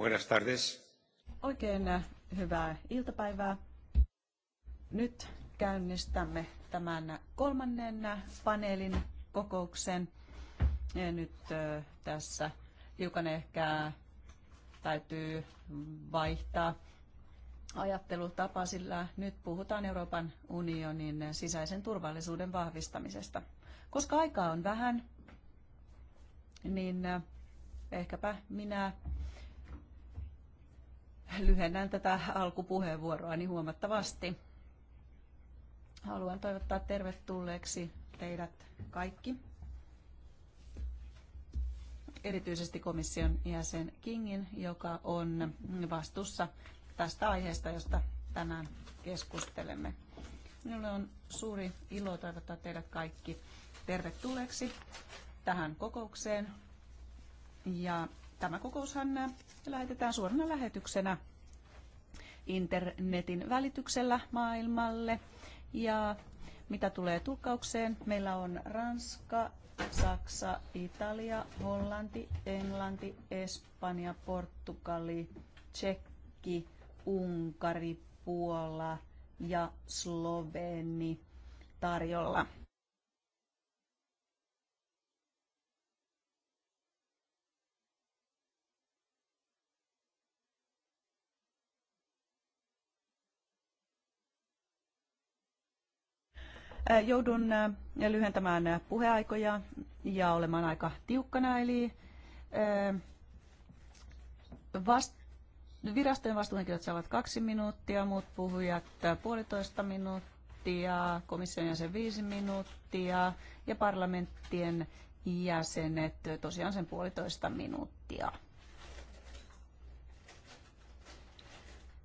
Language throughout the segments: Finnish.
Buenas tardes. Oikein äh, hyvää iltapäivää. Nyt käynnistämme tämän kolmannen äh, paneelin kokouksen. Ja nyt äh, tässä hiukan ehkä täytyy vaihtaa ajattelutapa, sillä nyt puhutaan Euroopan unionin sisäisen turvallisuuden vahvistamisesta. Koska aikaa on vähän, niin ehkäpä minä lyhennän tätä niin huomattavasti. Haluan toivottaa tervetulleeksi teidät kaikki, erityisesti komission jäsen Kingin, joka on vastuussa tästä aiheesta, josta tänään keskustelemme. Minulle on suuri ilo toivottaa teidät kaikki tervetulleeksi tähän kokoukseen. Ja Tämä kokoushan lähetetään suorana lähetyksenä internetin välityksellä maailmalle. Ja mitä tulee tulkkaukseen, meillä on Ranska, Saksa, Italia, Hollanti, Englanti, Espanja, Portugali, Tsekki, Unkari, Puola ja Sloveni tarjolla. Joudun lyhentämään puheaikoja ja olemaan aika tiukkana, eli vast, virastojen vastuuhenkilöt saavat kaksi minuuttia, muut puhujat puolitoista minuuttia, komission jäsen viisi minuuttia ja parlamenttien jäsenet tosiaan sen puolitoista minuuttia.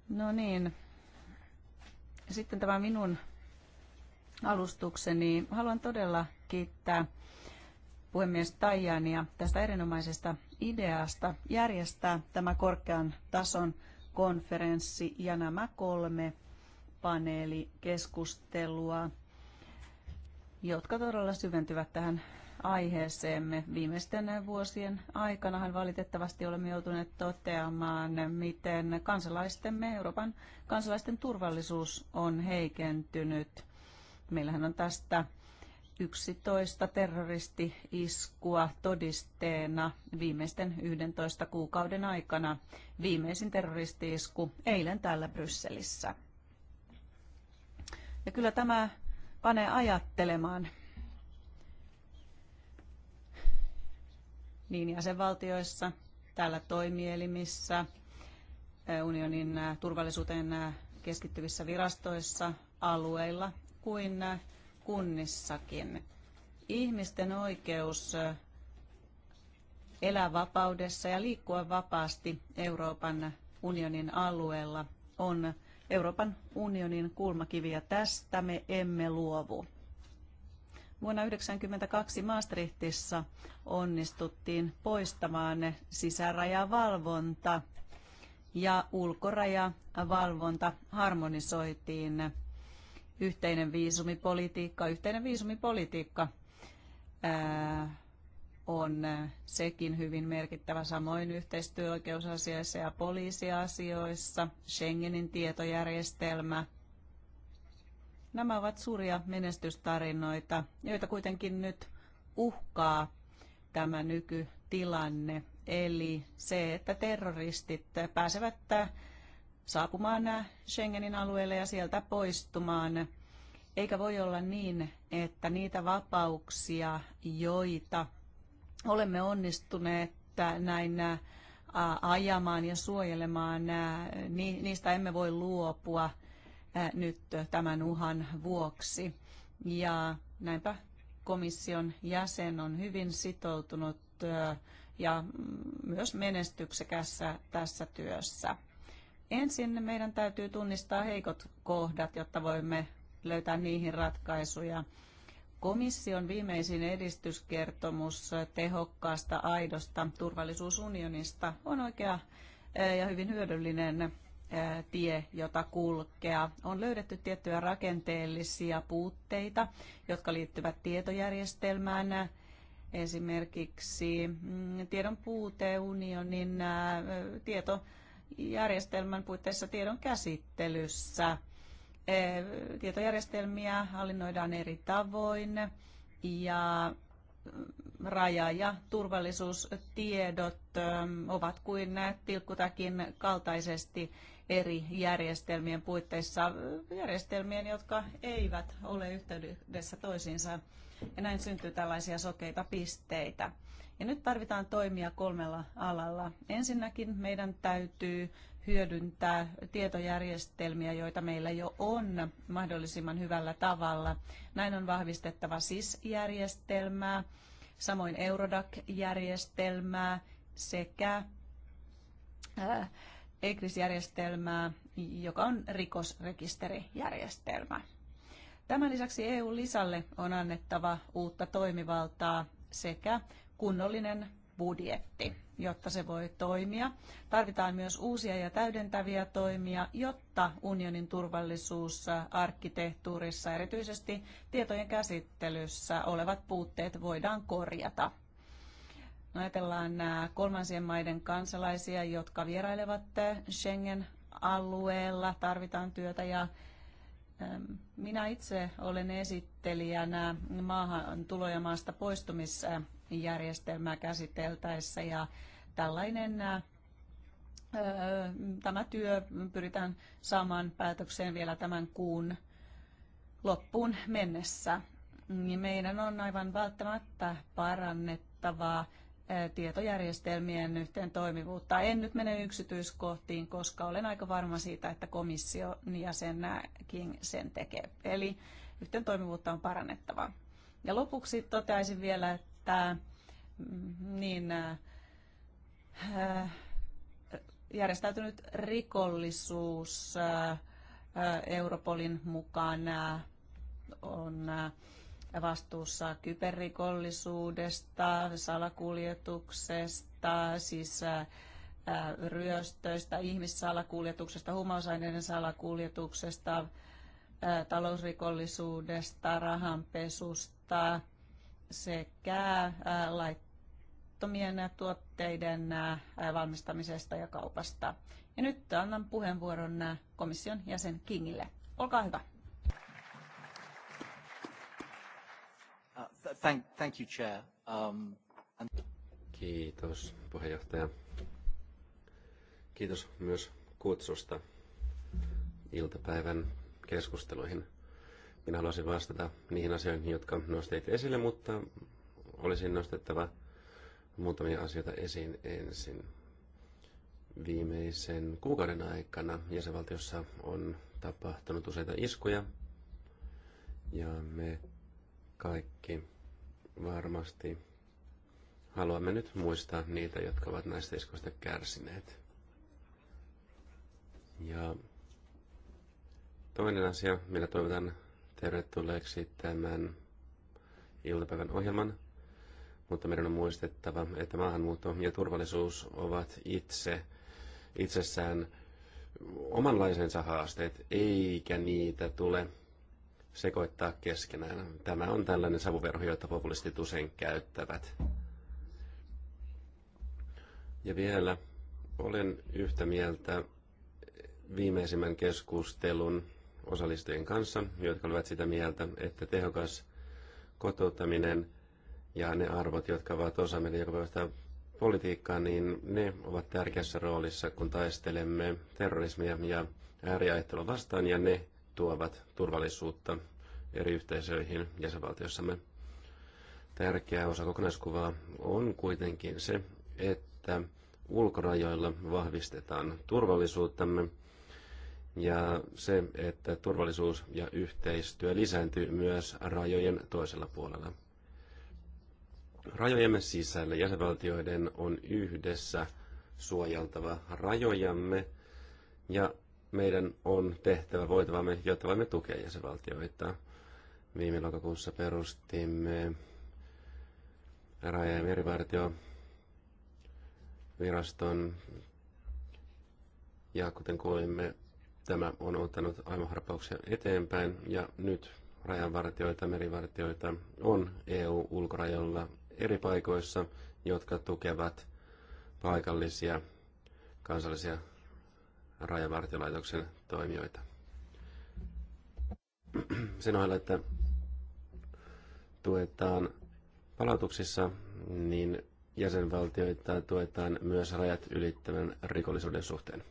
No niin, sitten tämä minun alustukseni. Haluan todella kiittää puhemies Taijania tästä erinomaisesta ideasta järjestää tämä korkean tason konferenssi ja nämä kolme paneelikeskustelua, jotka todella syventyvät tähän aiheeseemme. Viimeisten vuosien aikanahan valitettavasti olemme joutuneet toteamaan, miten kansalaistemme, Euroopan kansalaisten turvallisuus on heikentynyt – Meillähän on tästä 11 terroristi-iskua todisteena viimeisten 11 kuukauden aikana. Viimeisin terroristi-isku eilen täällä Brysselissä. Ja kyllä tämä panee ajattelemaan niin jäsenvaltioissa, täällä toimielimissä, eh, unionin eh, turvallisuuteen eh, keskittyvissä virastoissa, alueilla kuin kunnissakin. Ihmisten oikeus elää vapaudessa ja liikkua vapaasti Euroopan unionin alueella on Euroopan unionin kulmakivi ja tästä me emme luovu. Vuonna 1992 Maastrichtissa onnistuttiin poistamaan sisärajavalvonta ja ulkorajavalvonta harmonisoitiin yhteinen viisumipolitiikka. Yhteinen viisumipolitiikka on sekin hyvin merkittävä, samoin yhteistyöoikeusasioissa ja poliisiasioissa, Schengenin tietojärjestelmä. Nämä ovat suuria menestystarinoita, joita kuitenkin nyt uhkaa tämä nykytilanne, eli se, että terroristit pääsevät saapumaan Schengenin alueelle ja sieltä poistumaan. Eikä voi olla niin, että niitä vapauksia, joita olemme onnistuneet näin ajamaan ja suojelemaan, niistä emme voi luopua nyt tämän uhan vuoksi. Ja näinpä komission jäsen on hyvin sitoutunut ja myös menestyksekässä tässä työssä. Ensin meidän täytyy tunnistaa heikot kohdat, jotta voimme löytää niihin ratkaisuja. Komission viimeisin edistyskertomus tehokkaasta, aidosta turvallisuusunionista on oikea eh, ja hyvin hyödyllinen eh, tie, jota kulkea. On löydetty tiettyjä rakenteellisia puutteita, jotka liittyvät tietojärjestelmään, esimerkiksi mm, tiedon puute unionin eh, tieto järjestelmän puitteissa tiedon käsittelyssä. E, tietojärjestelmiä hallinnoidaan eri tavoin ja raja- ja turvallisuustiedot e, ovat kuin tilkkutakin kaltaisesti eri järjestelmien puitteissa, järjestelmien, jotka eivät ole yhteydessä toisiinsa. Ja näin syntyy tällaisia sokeita pisteitä. Ja nyt tarvitaan toimia kolmella alalla. Ensinnäkin meidän täytyy hyödyntää tietojärjestelmiä, joita meillä jo on mahdollisimman hyvällä tavalla. Näin on vahvistettava SIS-järjestelmää, samoin Eurodac-järjestelmää sekä ECRIS-järjestelmää, joka on rikosrekisterijärjestelmä. Tämän lisäksi EU-lisälle on annettava uutta toimivaltaa sekä kunnollinen budjetti, jotta se voi toimia. Tarvitaan myös uusia ja täydentäviä toimia, jotta unionin turvallisuus arkkitehtuurissa, erityisesti tietojen käsittelyssä olevat puutteet voidaan korjata. No, ajatellaan nämä kolmansien maiden kansalaisia, jotka vierailevat Schengen-alueella, tarvitaan työtä ja ähm, minä itse olen esittelijänä maahan tulo- ja maasta poistumis- järjestelmää käsiteltäessä ja tällainen Tämä työ pyritään saamaan päätökseen vielä tämän kuun loppuun mennessä. Niin meidän on aivan välttämättä parannettavaa tietojärjestelmien yhteen toimivuutta. En nyt mene yksityiskohtiin, koska olen aika varma siitä, että komissio komission jäsenäkin sen tekee. Eli yhteen toimivuutta on parannettava. Ja lopuksi toteaisin vielä, että että mm, niin äh, äh, järjestäytynyt rikollisuus äh, Europolin mukaan on vastuussa kyberrikollisuudesta, salakuljetuksesta, siis ryöstöistä, ihmissalakuljetuksesta, huumausaineiden salakuljetuksesta, talousrikollisuudesta, rahanpesusta, sekä laittomien tuotteiden valmistamisesta ja kaupasta. Ja nyt annan puheenvuoron komission jäsen Kingille. Olkaa hyvä. Uh, thank, thank you, Chair. Um, and... Kiitos, puheenjohtaja. Kiitos myös kutsusta iltapäivän keskusteluihin. Minä haluaisin vastata niihin asioihin, jotka nostit esille, mutta olisin nostettava muutamia asioita esiin ensin. Viimeisen kuukauden aikana jäsenvaltiossa on tapahtunut useita iskuja, ja me kaikki varmasti haluamme nyt muistaa niitä, jotka ovat näistä iskuista kärsineet. Ja toinen asia, millä toivotan tervetulleeksi tämän iltapäivän ohjelman, mutta meidän on muistettava, että maahanmuutto ja turvallisuus ovat itse itsessään omanlaisensa haasteet, eikä niitä tule sekoittaa keskenään. Tämä on tällainen savuverho, jota populistit usein käyttävät. Ja vielä olen yhtä mieltä viimeisimmän keskustelun osallistujien kanssa, jotka olivat sitä mieltä, että tehokas kotouttaminen ja ne arvot, jotka ovat osa meidän jokapäiväistä politiikkaa, niin ne ovat tärkeässä roolissa, kun taistelemme terrorismia ja ääriajattelua vastaan, ja ne tuovat turvallisuutta eri yhteisöihin jäsenvaltiossamme. Tärkeä osa kokonaiskuvaa on kuitenkin se, että ulkorajoilla vahvistetaan turvallisuuttamme ja se, että turvallisuus ja yhteistyö lisääntyy myös rajojen toisella puolella. Rajojemme sisällä jäsenvaltioiden on yhdessä suojeltava rajojamme ja meidän on tehtävä voitavamme, jotta voimme tukea jäsenvaltioita. Viime lokakuussa perustimme raja- ja merivartioviraston ja kuten kuulimme, Tämä on ottanut aivoharpauksia eteenpäin ja nyt rajanvartioita, merivartioita on EU-ulkorajoilla eri paikoissa, jotka tukevat paikallisia kansallisia rajavartiolaitoksen toimijoita. Sen ohella, että tuetaan palautuksissa, niin jäsenvaltioita tuetaan myös rajat ylittävän rikollisuuden suhteen.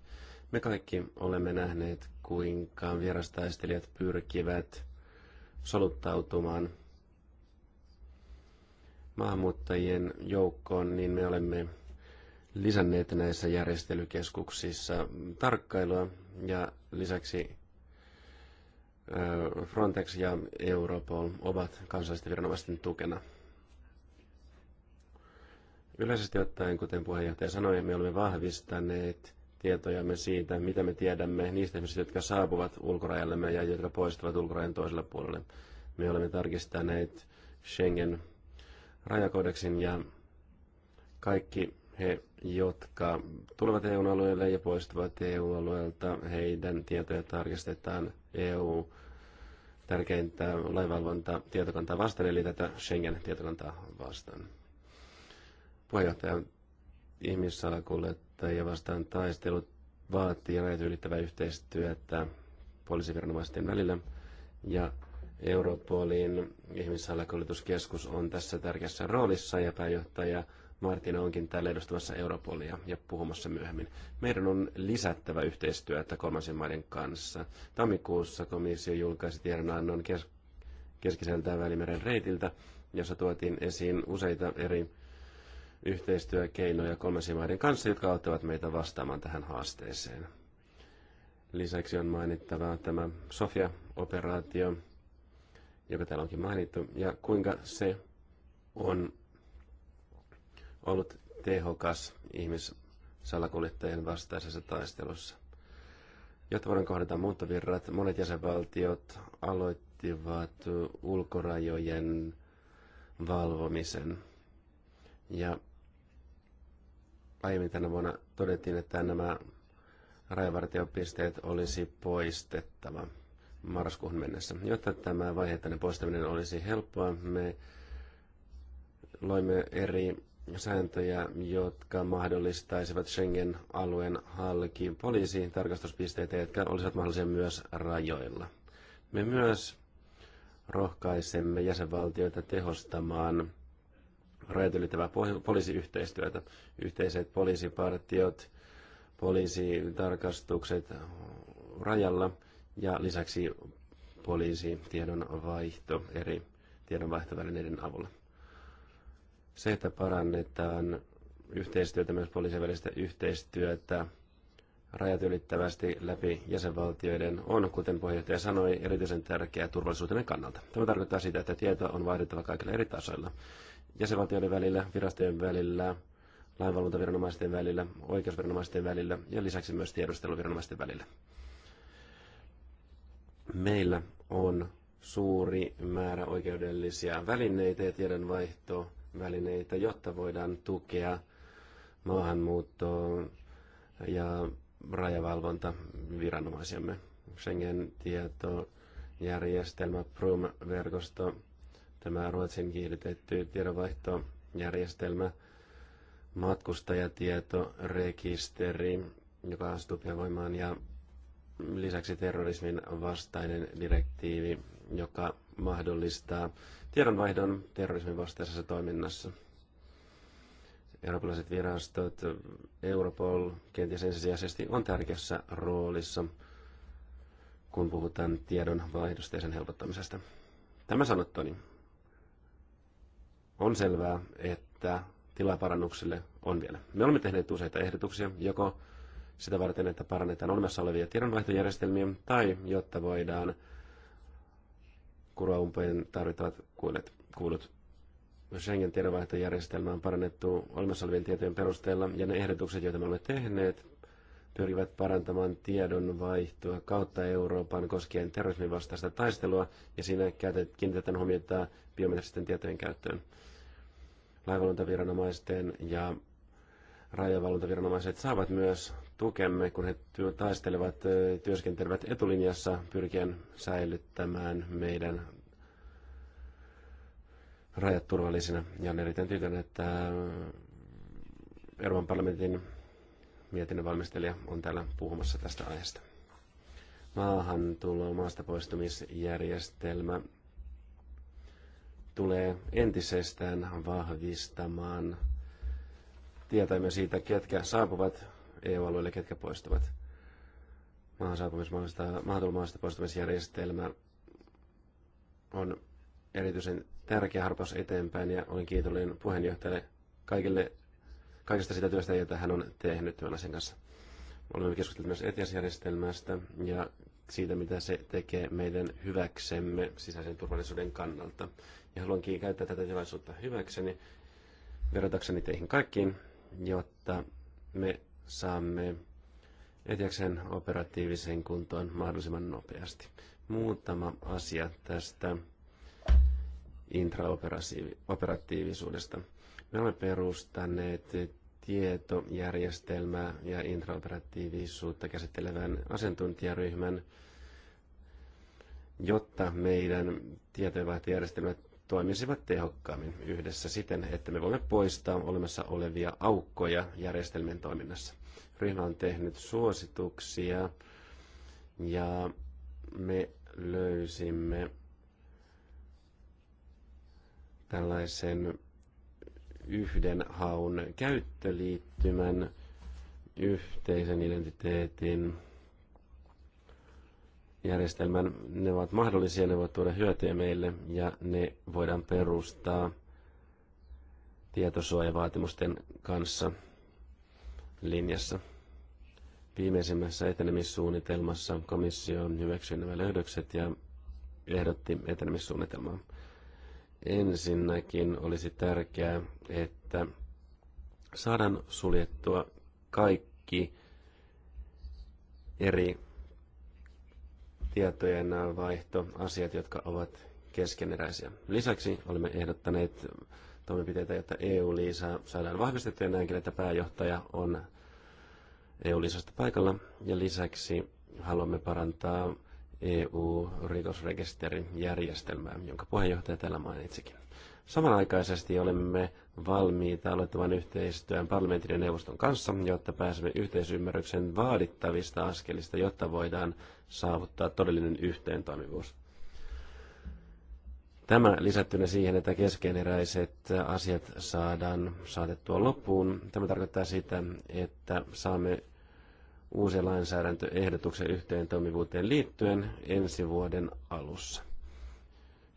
Me kaikki olemme nähneet, kuinka vierastaistelijat pyrkivät soluttautumaan maahanmuuttajien joukkoon, niin me olemme lisänneet näissä järjestelykeskuksissa tarkkailua ja lisäksi Frontex ja Europol ovat kansallisten viranomaisten tukena. Yleisesti ottaen, kuten puheenjohtaja sanoi, me olemme vahvistaneet tietojamme siitä, mitä me tiedämme niistä ihmisistä, jotka saapuvat ulkorajallemme ja jotka poistuvat ulkorajan toiselle puolelle. Me olemme tarkistaneet Schengen rajakodeksin ja kaikki he, jotka tulevat EU-alueelle ja poistuvat EU-alueelta, heidän tietoja tarkistetaan EU tärkeintä laivalvonta tietokantaa vastaan, eli tätä Schengen-tietokantaa vastaan. Puheenjohtaja, ihmissalakuljettajia vastaan taistelut vaatii rajat ylittävää yhteistyötä poliisiviranomaisten välillä. Ja Europolin ihmissalakuljetuskeskus on tässä tärkeässä roolissa ja pääjohtaja Martina onkin täällä edustamassa Europolia ja puhumassa myöhemmin. Meidän on lisättävä yhteistyötä kolmansien maiden kanssa. Tammikuussa komissio julkaisi tiedonannon kes- keskiseltä Välimeren reitiltä, jossa tuotiin esiin useita eri yhteistyökeinoja kolmansien maiden kanssa, jotka auttavat meitä vastaamaan tähän haasteeseen. Lisäksi on mainittava tämä Sofia-operaatio, joka täällä onkin mainittu, ja kuinka se on ollut tehokas ihmissalakuljettajien vastaisessa taistelussa. Jotta voidaan kohdata muuttovirrat, monet jäsenvaltiot aloittivat ulkorajojen valvomisen. Ja aiemmin tänä vuonna todettiin, että nämä rajavartiopisteet olisi poistettava marraskuun mennessä. Jotta tämä vaiheittainen poistaminen olisi helppoa, me loimme eri sääntöjä, jotka mahdollistaisivat Schengen-alueen halki poliisiin tarkastuspisteitä, jotka olisivat mahdollisia myös rajoilla. Me myös rohkaisemme jäsenvaltioita tehostamaan rajat ylittävää poliisiyhteistyötä. Yhteiset poliisipartiot, poliisitarkastukset rajalla ja lisäksi poliisitiedonvaihto vaihto eri tiedonvaihtovälineiden avulla. Se, että parannetaan yhteistyötä, myös poliisin välistä yhteistyötä rajat ylittävästi läpi jäsenvaltioiden on, kuten puheenjohtaja sanoi, erityisen tärkeää turvallisuutemme kannalta. Tämä tarkoittaa sitä, että tietoa on vaihdettava kaikilla eri tasoilla jäsenvaltioiden välillä, virastojen välillä, lainvalvontaviranomaisten välillä, oikeusviranomaisten välillä ja lisäksi myös tiedusteluviranomaisten välillä. Meillä on suuri määrä oikeudellisia välineitä ja tiedonvaihtovälineitä, jotta voidaan tukea maahanmuuttoa ja rajavalvonta viranomaisiamme. Schengen-tietojärjestelmä, PRUM-verkosto, Tämä ruotsin kielitetty tiedonvaihtojärjestelmä, matkustajatietorekisteri, joka astuu voimaan, ja lisäksi terrorismin vastainen direktiivi, joka mahdollistaa tiedonvaihdon terrorismin vastaisessa toiminnassa. Eurooppalaiset virastot, Europol kenties ensisijaisesti on tärkeässä roolissa, kun puhutaan tiedonvaihdosta ja sen helpottamisesta. Tämä sanottu, niin on selvää, että tilaa parannuksille on vielä. Me olemme tehneet useita ehdotuksia, joko sitä varten, että parannetaan olemassa olevia tiedonvaihtojärjestelmiä, tai jotta voidaan kuroa umpeen tarvittavat kuulet, kuulut. Schengen tiedonvaihtojärjestelmä on parannettu olemassa olevien tietojen perusteella, ja ne ehdotukset, joita me olemme tehneet, pyrivät parantamaan tiedonvaihtoa kautta Euroopan koskien terrorismin vastaista taistelua, ja siinä kiinnitetään huomiota biometristen tietojen käyttöön. Laivalontaviranomaisten ja rajavalvontaviranomaiset saavat myös tukemme, kun he taistelevat, työskentelevät etulinjassa pyrkien säilyttämään meidän rajat turvallisina. Ja on erittäin tyytyväinen, että Euroopan parlamentin mietinnön valmistelija on täällä puhumassa tästä aiheesta. Maahantulo, poistumisjärjestelmä tulee entisestään vahvistamaan tietämme siitä, ketkä saapuvat EU-alueelle, ketkä poistuvat. Maahantulomaasta poistumisjärjestelmä on erityisen tärkeä harpaus eteenpäin ja olen kiitollinen puheenjohtajalle kaikille kaikesta sitä työstä, jota hän on tehnyt tämän asian kanssa. Olemme keskustelleet myös etiasjärjestelmästä ja siitä, mitä se tekee meidän hyväksemme sisäisen turvallisuuden kannalta. Ja haluankin käyttää tätä tilaisuutta hyväkseni, verotakseni teihin kaikkiin, jotta me saamme ETIAKSen operatiivisen kuntoon mahdollisimman nopeasti. Muutama asia tästä intraoperatiivisuudesta. Me olemme perustaneet tietojärjestelmää ja intraoperatiivisuutta käsittelevän asiantuntijaryhmän, jotta meidän tietojärjestelmät toimisivat tehokkaammin yhdessä siten, että me voimme poistaa olemassa olevia aukkoja järjestelmien toiminnassa. Ryhmä on tehnyt suosituksia ja me löysimme tällaisen yhden haun käyttöliittymän, yhteisen identiteetin, järjestelmän. Ne ovat mahdollisia, ne voivat tuoda hyötyä meille ja ne voidaan perustaa tietosuojavaatimusten kanssa linjassa. Viimeisimmässä etenemissuunnitelmassa komissio hyväksyi nämä löydökset ja ehdotti etenemissuunnitelmaa. Ensinnäkin olisi tärkeää, että saadaan suljettua kaikki eri tietojen vaihtoasiat, jotka ovat keskeneräisiä. Lisäksi olemme ehdottaneet toimenpiteitä, jotta EU-liisa saadaan vahvistettua ja näinkin, että pääjohtaja on EU-liisasta paikalla. Ja lisäksi haluamme parantaa EU-rikosrekisterijärjestelmää, jonka puheenjohtaja täällä mainitsikin. Samanaikaisesti olemme valmiita aloittamaan yhteistyön parlamentin ja neuvoston kanssa, jotta pääsemme yhteisymmärryksen vaadittavista askelista, jotta voidaan saavuttaa todellinen yhteentoimivuus. Tämä lisättynä siihen, että keskeneräiset asiat saadaan saatettua loppuun. Tämä tarkoittaa sitä, että saamme uusi lainsäädäntöehdotuksen yhteen toimivuuteen liittyen ensi vuoden alussa.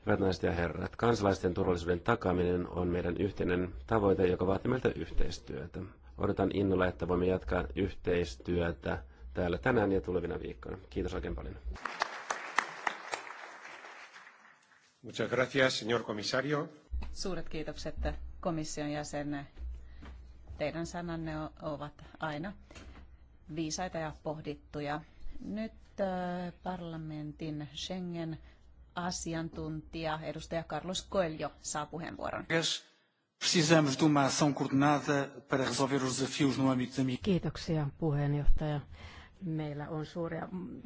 Hyvät naiset ja herrat, kansalaisten turvallisuuden takaaminen on meidän yhteinen tavoite, joka vaatii meiltä yhteistyötä. Odotan innolla, että voimme jatkaa yhteistyötä täällä tänään ja tulevina viikkoina. Kiitos oikein paljon. Muchas gracias, señor comisario. Suuret kiitokset komission jäsenne. Teidän sananne ovat aina viisaita ja pohdittuja. Nyt äh, parlamentin Schengen asiantuntija edustaja Carlos Coelho saa puheenvuoron. No Kiitoksia puheenjohtaja. Meillä on suuria mm,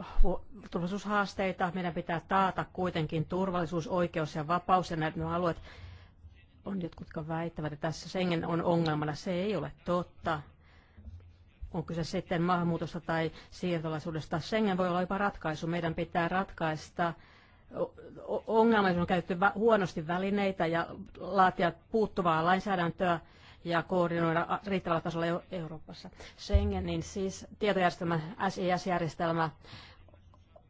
turvallisuushaasteita. Meidän pitää taata kuitenkin turvallisuus, oikeus ja vapaus ja nämä alueet on jotkut, jotka väittävät, että tässä Schengen on ongelmana. Se ei ole totta on kyse sitten maahanmuutosta tai siirtolaisuudesta. Schengen voi olla jopa ratkaisu. Meidän pitää ratkaista ongelma, on käytetty huonosti välineitä ja laatia puuttuvaa lainsäädäntöä ja koordinoida riittävällä tasolla Euroopassa. Schengenin siis tietojärjestelmä, SIS-järjestelmä,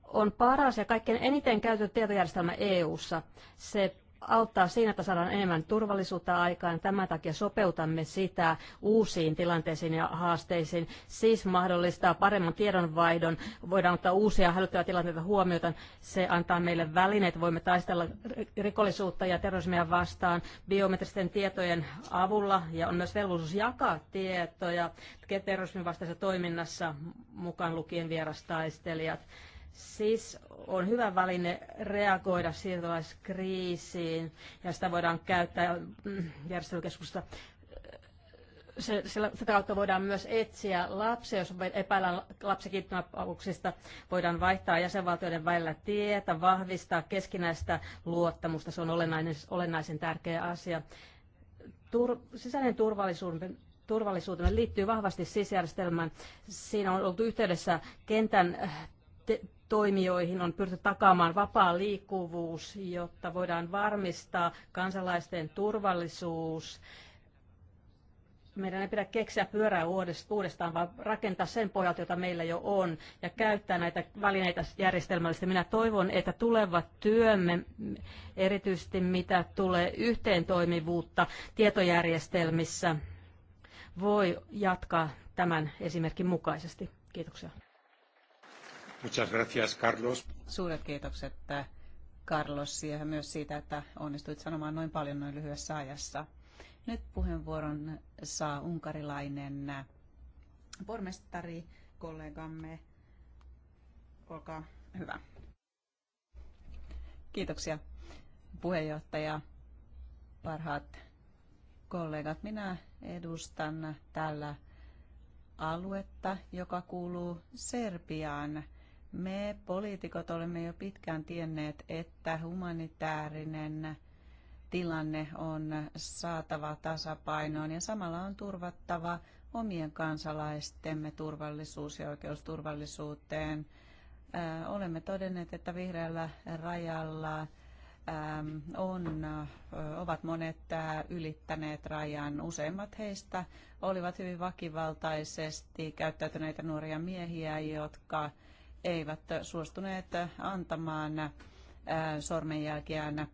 on paras ja kaikkein eniten käytetty tietojärjestelmä EU:ssa. Se auttaa siinä, että saadaan enemmän turvallisuutta aikaan. Tämän takia sopeutamme sitä uusiin tilanteisiin ja haasteisiin. Siis mahdollistaa paremman tiedonvaihdon. Voidaan ottaa uusia hälyttäviä tilanteita huomioon. Se antaa meille välineet. Voimme taistella rikollisuutta ja terrorismia vastaan biometristen tietojen avulla. Ja on myös velvollisuus jakaa tietoja terrorismin vastaisessa toiminnassa mukaan lukien vierastaistelijat Siis on hyvä väline reagoida siirtolaiskriisiin ja sitä voidaan käyttää mm, järjestelykeskusta. sitä kautta voidaan myös etsiä lapsia, jos epäillään lapsikiittymapauksista. Voidaan vaihtaa jäsenvaltioiden välillä tietä, vahvistaa keskinäistä luottamusta. Se on olennainen, olennaisen tärkeä asia. Tur, sisäinen turvallisuuden turvallisuuteen liittyy vahvasti sisjärjestelmään. Siinä on ollut yhteydessä kentän eh, te- toimijoihin on pyritty takaamaan vapaa liikkuvuus, jotta voidaan varmistaa kansalaisten turvallisuus. Meidän ei pidä keksiä pyörää uudestaan, vaan rakentaa sen pohjalta, jota meillä jo on, ja käyttää näitä välineitä järjestelmällisesti. Minä toivon, että tulevat työmme, erityisesti mitä tulee yhteentoimivuutta tietojärjestelmissä, voi jatkaa tämän esimerkin mukaisesti. Kiitoksia. Muchas gracias, Carlos. Suuret kiitokset eh, Carlos ja myös siitä, että onnistuit sanomaan noin paljon noin lyhyessä ajassa. Nyt puheenvuoron saa unkarilainen eh, pormestari, kollegamme. Olkaa hyvä. Kiitoksia puheenjohtaja, parhaat kollegat. Minä edustan tällä aluetta, joka kuuluu Serbiaan. Me poliitikot olemme jo pitkään tienneet, että humanitaarinen tilanne on saatava tasapainoon ja samalla on turvattava omien kansalaistemme turvallisuus ja oikeus turvallisuuteen. Olemme todenneet, että vihreällä rajalla on, ovat monet ylittäneet rajan. Useimmat heistä olivat hyvin vakivaltaisesti käyttäytyneitä nuoria miehiä, jotka eivät suostuneet antamaan äh, sormenjälkeään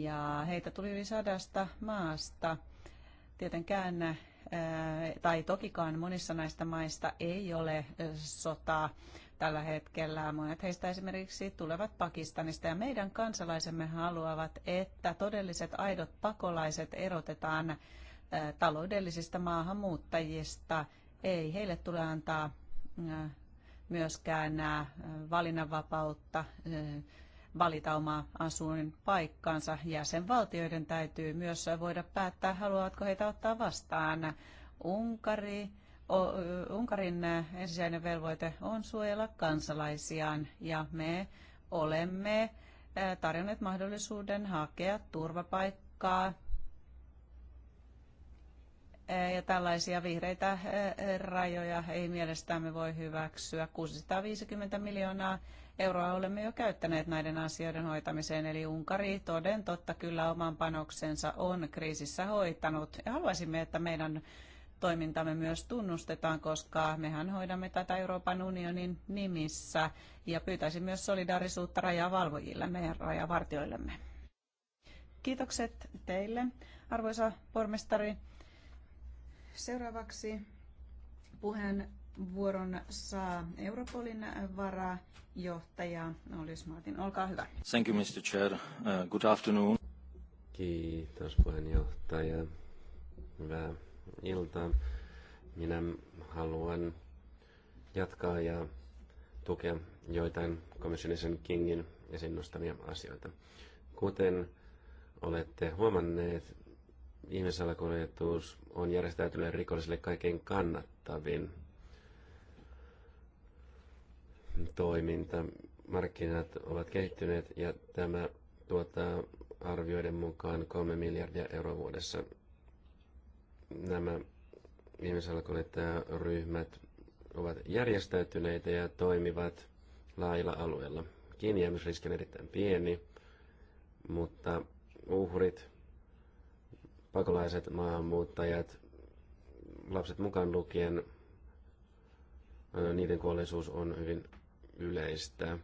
ja heitä tuli yli sadasta maasta. Tietenkään äh, tai tokikaan monissa näistä maista ei ole äh, sotaa tällä hetkellä. Monet heistä esimerkiksi tulevat Pakistanista ja meidän kansalaisemme haluavat, että todelliset aidot pakolaiset erotetaan taloudellisista maahanmuuttajista. Ei heille tule antaa myöskään valinnanvapautta valita omaa paikkaansa. Jäsenvaltioiden täytyy myös voida päättää, haluavatko heitä ottaa vastaan. Unkari, Unkarin ensisijainen velvoite on suojella kansalaisiaan ja me olemme tarjonneet mahdollisuuden hakea turvapaikkaa ja tällaisia vihreitä eh, rajoja ei mielestämme voi hyväksyä. 650 miljoonaa euroa olemme jo käyttäneet näiden asioiden hoitamiseen, eli Unkari toden totta kyllä oman panoksensa on kriisissä hoitanut. Ja haluaisimme, että meidän toimintamme myös tunnustetaan, koska mehän hoidamme tätä Euroopan unionin nimissä ja pyytäisin myös solidaarisuutta rajavalvojillemme ja rajavartioillemme. Kiitokset teille, arvoisa pormestari. Seuraavaksi puheenvuoron saa Europolin varajohtaja Olis Martin. Olkaa hyvä. Thank you, Mr. Chair. Uh, good afternoon. Kiitos puheenjohtaja. Hyvää iltaa. Minä haluan jatkaa ja tukea joitain komissionisen Kingin esiin nostamia asioita. Kuten olette huomanneet, ihmissalakuljetus on järjestäytyneelle rikolliselle kaikkein kannattavin toiminta. Markkinat ovat kehittyneet ja tämä tuottaa arvioiden mukaan 3 miljardia euroa vuodessa. Nämä ihmisalakuljettajaryhmät ovat järjestäytyneitä ja toimivat laajilla alueilla. Kiinnijäämisriski on erittäin pieni, mutta uhrit pakolaiset, maahanmuuttajat, lapset mukaan lukien, niiden kuolleisuus on hyvin yleistä.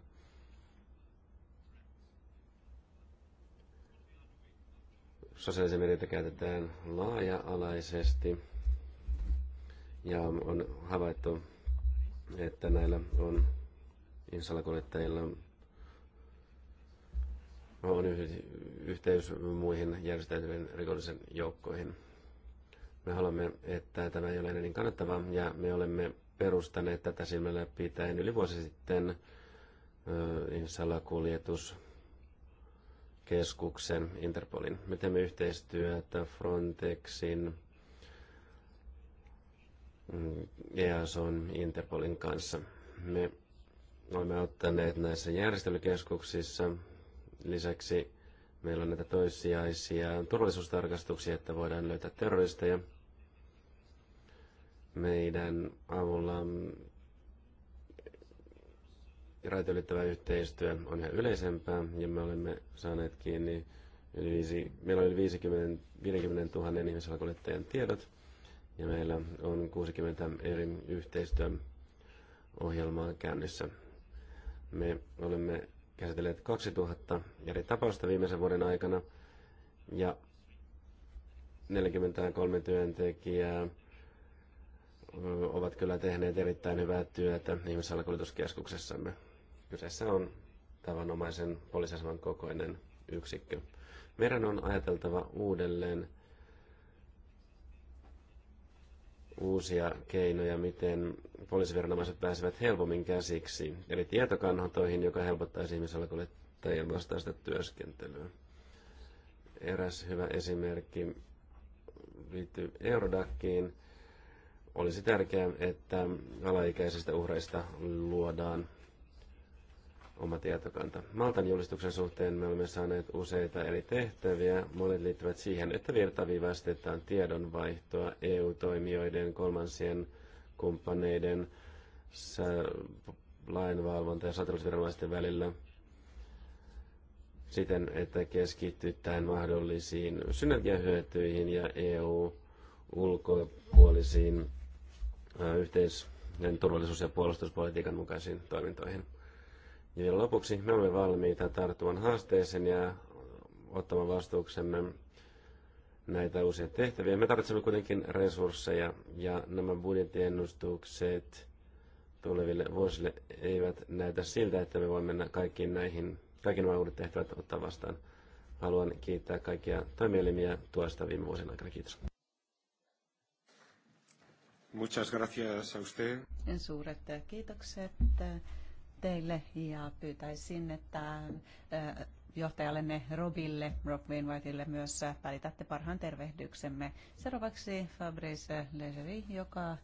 Sosiaalisen medioita käytetään laaja-alaisesti ja on havaittu, että näillä on insalakuljettajilla on yhteys muihin järjestäytyneen rikollisen joukkoihin. Me haluamme, että tämä ei ole niin kannattavaa, ja me olemme perustaneet tätä silmällä pitäen yli vuosi sitten salakuljetuskeskuksen Interpolin. Me teemme yhteistyötä Frontexin, mm, EASON, Interpolin kanssa. Me olemme ottaneet näissä järjestelykeskuksissa Lisäksi meillä on näitä toissijaisia turvallisuustarkastuksia, että voidaan löytää terroristeja. Meidän avulla rajat ylittävä yhteistyö on ihan yleisempää ja me olemme saaneet kiinni yli viisi, meillä on yli 50, 50 000 ihmisalakuljettajan tiedot ja meillä on 60 eri yhteistyöohjelmaa käynnissä. Me olemme käsitelleet 2000 eri tapausta viimeisen vuoden aikana ja 43 työntekijää ovat kyllä tehneet erittäin hyvää työtä ihmisalakuljetuskeskuksessamme. Kyseessä on tavanomaisen poliisiaseman kokoinen yksikkö. Meidän on ajateltava uudelleen uusia keinoja, miten poliisiviranomaiset pääsevät helpommin käsiksi, eli tietokanhotoihin, joka helpottaisi ihmisalkoilettajien vastaista työskentelyä. Eräs hyvä esimerkki liittyy Eurodakkiin. Olisi tärkeää, että alaikäisistä uhreista luodaan oma tietokanta. Maltan julistuksen suhteen me olemme saaneet useita eri tehtäviä. Monet liittyvät siihen, että virtaviivastetaan tiedonvaihtoa EU-toimijoiden, kolmansien kumppaneiden, lainvalvonta- ja satelliittiviranomaisten välillä siten, että keskittytään mahdollisiin synergiahyötyihin ja EU-ulkopuolisiin yhteis- turvallisuus- ja puolustuspolitiikan mukaisiin toimintoihin. Ja vielä lopuksi me olemme valmiita tarttumaan haasteeseen ja ottamaan vastuuksemme näitä uusia tehtäviä. Me tarvitsemme kuitenkin resursseja ja nämä budjettiennustukset tuleville vuosille eivät näytä siltä, että me voimme mennä kaikkiin näihin, kaikki nämä uudet tehtävät ottaa vastaan. Haluan kiittää kaikkia toimielimiä tuosta viime vuosien aikana. Kiitos. Muchas gracias a usted. Suuret kiitokset teille ja pyytäisin, että johtajallenne Robille, Rob Wainwrightille myös välitätte parhaan tervehdyksemme. Seuraavaksi Fabrice Legeri, joka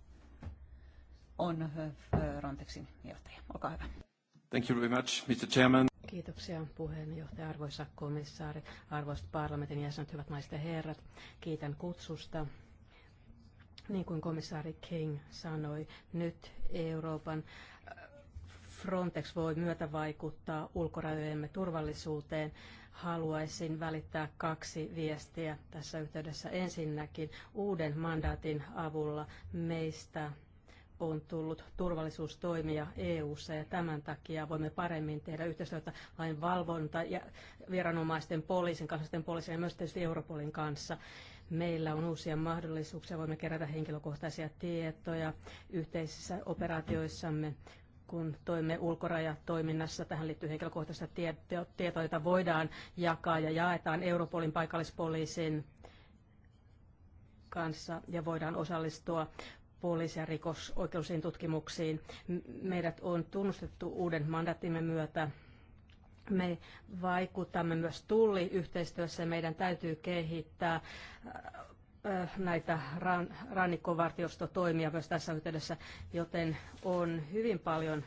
on Frontexin johtaja. Olkaa hyvä. Thank you very much, Mr. Chairman. Kiitoksia puheenjohtaja, arvoisa komissaari, arvoisat parlamentin jäsenet, hyvät naiset ja herrat. Kiitän kutsusta. Niin kuin komissaari King sanoi, nyt Euroopan Frontex voi myötävaikuttaa ulkorajojemme turvallisuuteen, haluaisin välittää kaksi viestiä tässä yhteydessä. Ensinnäkin uuden mandaatin avulla meistä on tullut turvallisuustoimija EU-ssa ja tämän takia voimme paremmin tehdä yhteistyötä lain valvonta ja viranomaisten poliisin, kansallisten poliisin ja myös tietysti Europolin kanssa. Meillä on uusia mahdollisuuksia, voimme kerätä henkilökohtaisia tietoja yhteisissä operaatioissamme kun toimme ulkorajatoiminnassa. Tähän liittyy henkilökohtaista tietoa, jota voidaan jakaa ja jaetaan Europolin paikallispoliisin kanssa ja voidaan osallistua poliisi- ja rikosoikeusiin tutkimuksiin. Meidät on tunnustettu uuden mandatimme myötä. Me vaikutamme myös tulliyhteistyössä ja meidän täytyy kehittää Äh, näitä ran, rannikkovartiostotoimia myös tässä yhteydessä, joten on hyvin paljon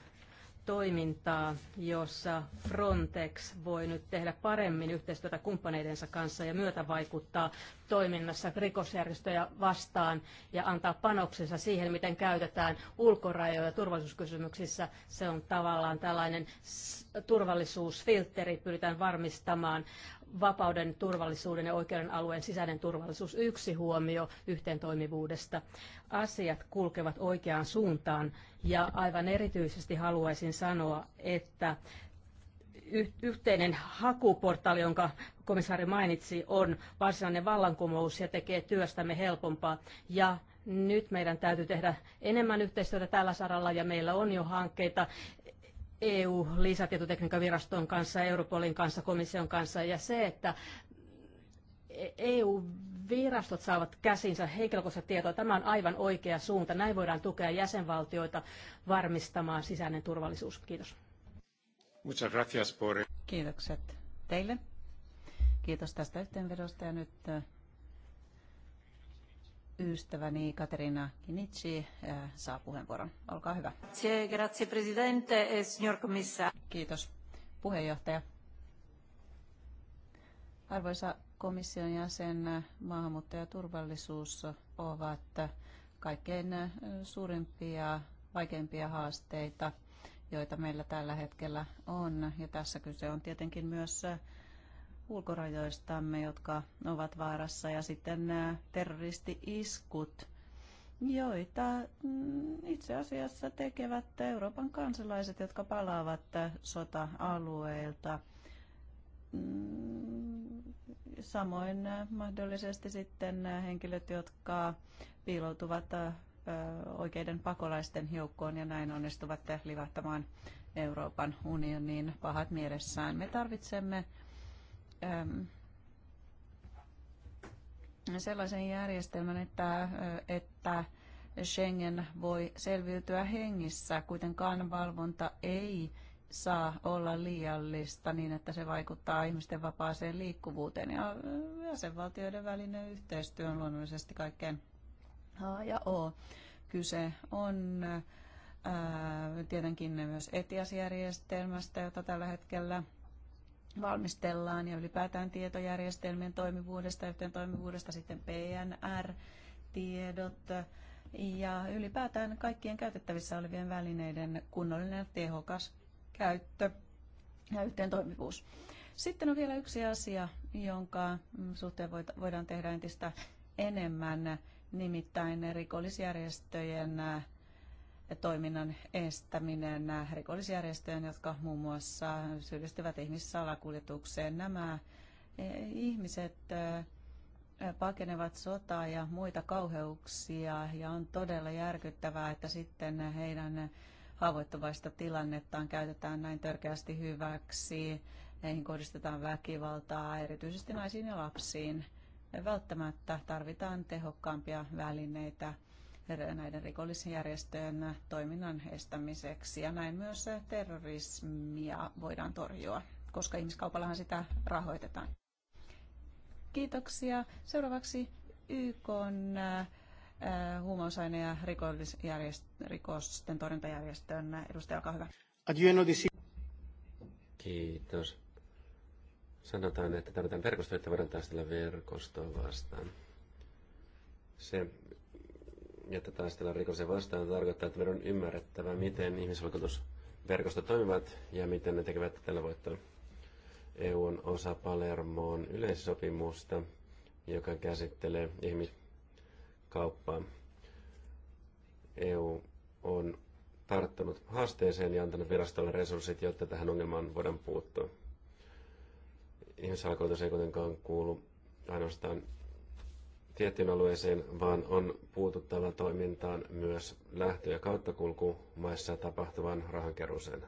toimintaa, jossa Frontex voi nyt tehdä paremmin yhteistyötä kumppaneidensa kanssa ja myötä vaikuttaa toiminnassa rikosjärjestöjä vastaan ja antaa panoksensa siihen, miten käytetään ulkorajoja turvallisuuskysymyksissä. Se on tavallaan tällainen turvallisuusfiltteri, pyritään varmistamaan vapauden, turvallisuuden ja oikeuden alueen sisäinen turvallisuus. Yksi huomio yhteen toimivuudesta. Asiat kulkevat oikeaan suuntaan ja aivan erityisesti haluaisin sanoa, että yhteinen hakuportaali, jonka komissaari mainitsi, on varsinainen vallankumous ja tekee työstämme helpompaa. Ja nyt meidän täytyy tehdä enemmän yhteistyötä tällä saralla ja meillä on jo hankkeita EU-lisätietotekniikan viraston kanssa, Europolin kanssa, komission kanssa ja se, että EU-virastot saavat käsinsä henkilökohtaista tietoa. Tämä on aivan oikea suunta. Näin voidaan tukea jäsenvaltioita varmistamaan sisäinen turvallisuus. Kiitos. Muchas gracias por... Kiitokset teille. Kiitos tästä yhteenvedosta ja nyt äh, ystäväni Katerina Kinici saa puheenvuoron. Olkaa hyvä. E signor Kiitos, puheenjohtaja. Arvoisa komission jäsen, maahanmuutto ja turvallisuus ovat kaikkein suurimpia, vaikeimpia haasteita, joita meillä tällä hetkellä on. Ja tässä kyse on tietenkin myös ulkorajoistamme, jotka ovat vaarassa, ja sitten nämä terroristi-iskut, joita mm, itse asiassa tekevät Euroopan kansalaiset, jotka palaavat sota-alueilta. Mm, samoin mahdollisesti sitten henkilöt, jotka piiloutuvat oikeiden pakolaisten joukkoon ja näin onnistuvat livahtamaan Euroopan unioniin pahat mielessään. Me tarvitsemme Ähm, sellaisen järjestelmän, että, että Schengen voi selviytyä hengissä. Kuitenkaan valvonta ei saa olla liiallista niin, että se vaikuttaa ihmisten vapaaseen liikkuvuuteen. Ja jäsenvaltioiden välinen yhteistyö on luonnollisesti kaikkein A ja O. Kyse on ää, tietenkin myös etiasjärjestelmästä, jota tällä hetkellä valmistellaan ja ylipäätään tietojärjestelmien toimivuudesta, yhteen toimivuudesta sitten PNR-tiedot ja ylipäätään kaikkien käytettävissä olevien välineiden kunnollinen tehokas käyttö ja yhteen toimivuus. Sitten on vielä yksi asia, jonka suhteen voidaan tehdä entistä enemmän, nimittäin rikollisjärjestöjen toiminnan estäminen rikollisjärjestöjen, jotka muun muassa syyllistyvät ihmissalakuljetukseen. Nämä e, ihmiset e, pakenevat sotaa ja muita kauheuksia ja on todella järkyttävää, että sitten heidän haavoittuvaista tilannettaan käytetään näin törkeästi hyväksi. Heihin kohdistetaan väkivaltaa, erityisesti naisiin ja lapsiin. Välttämättä tarvitaan tehokkaampia välineitä – näiden rikollisjärjestöjen toiminnan estämiseksi ja näin myös terrorismia voidaan torjua, koska ihmiskaupallahan sitä rahoitetaan. Kiitoksia. Seuraavaksi YK on äh, huumausaine- ja rikosten torjuntajärjestön edustaja, olkaa hyvä. No Kiitos. Sanotaan, että tarvitaan verkostoa, että voidaan taistella verkostoa vastaan. Se jotta taistella rikosen vastaan, tarkoittaa, että meidän on ymmärrettävä, miten ihmisoikeusverkosto toimivat ja miten ne tekevät tällä voittoa. EU on osa Palermoon yleissopimusta, joka käsittelee ihmiskauppaa. EU on tarttunut haasteeseen ja antanut virastolle resurssit, jotta tähän ongelmaan voidaan puuttua. Ihmisalkoitus ei kuitenkaan kuulu ainoastaan tiettyyn alueeseen, vaan on puututtava toimintaan myös lähtö- ja kauttakulkumaissa tapahtuvan rahankeruuseen.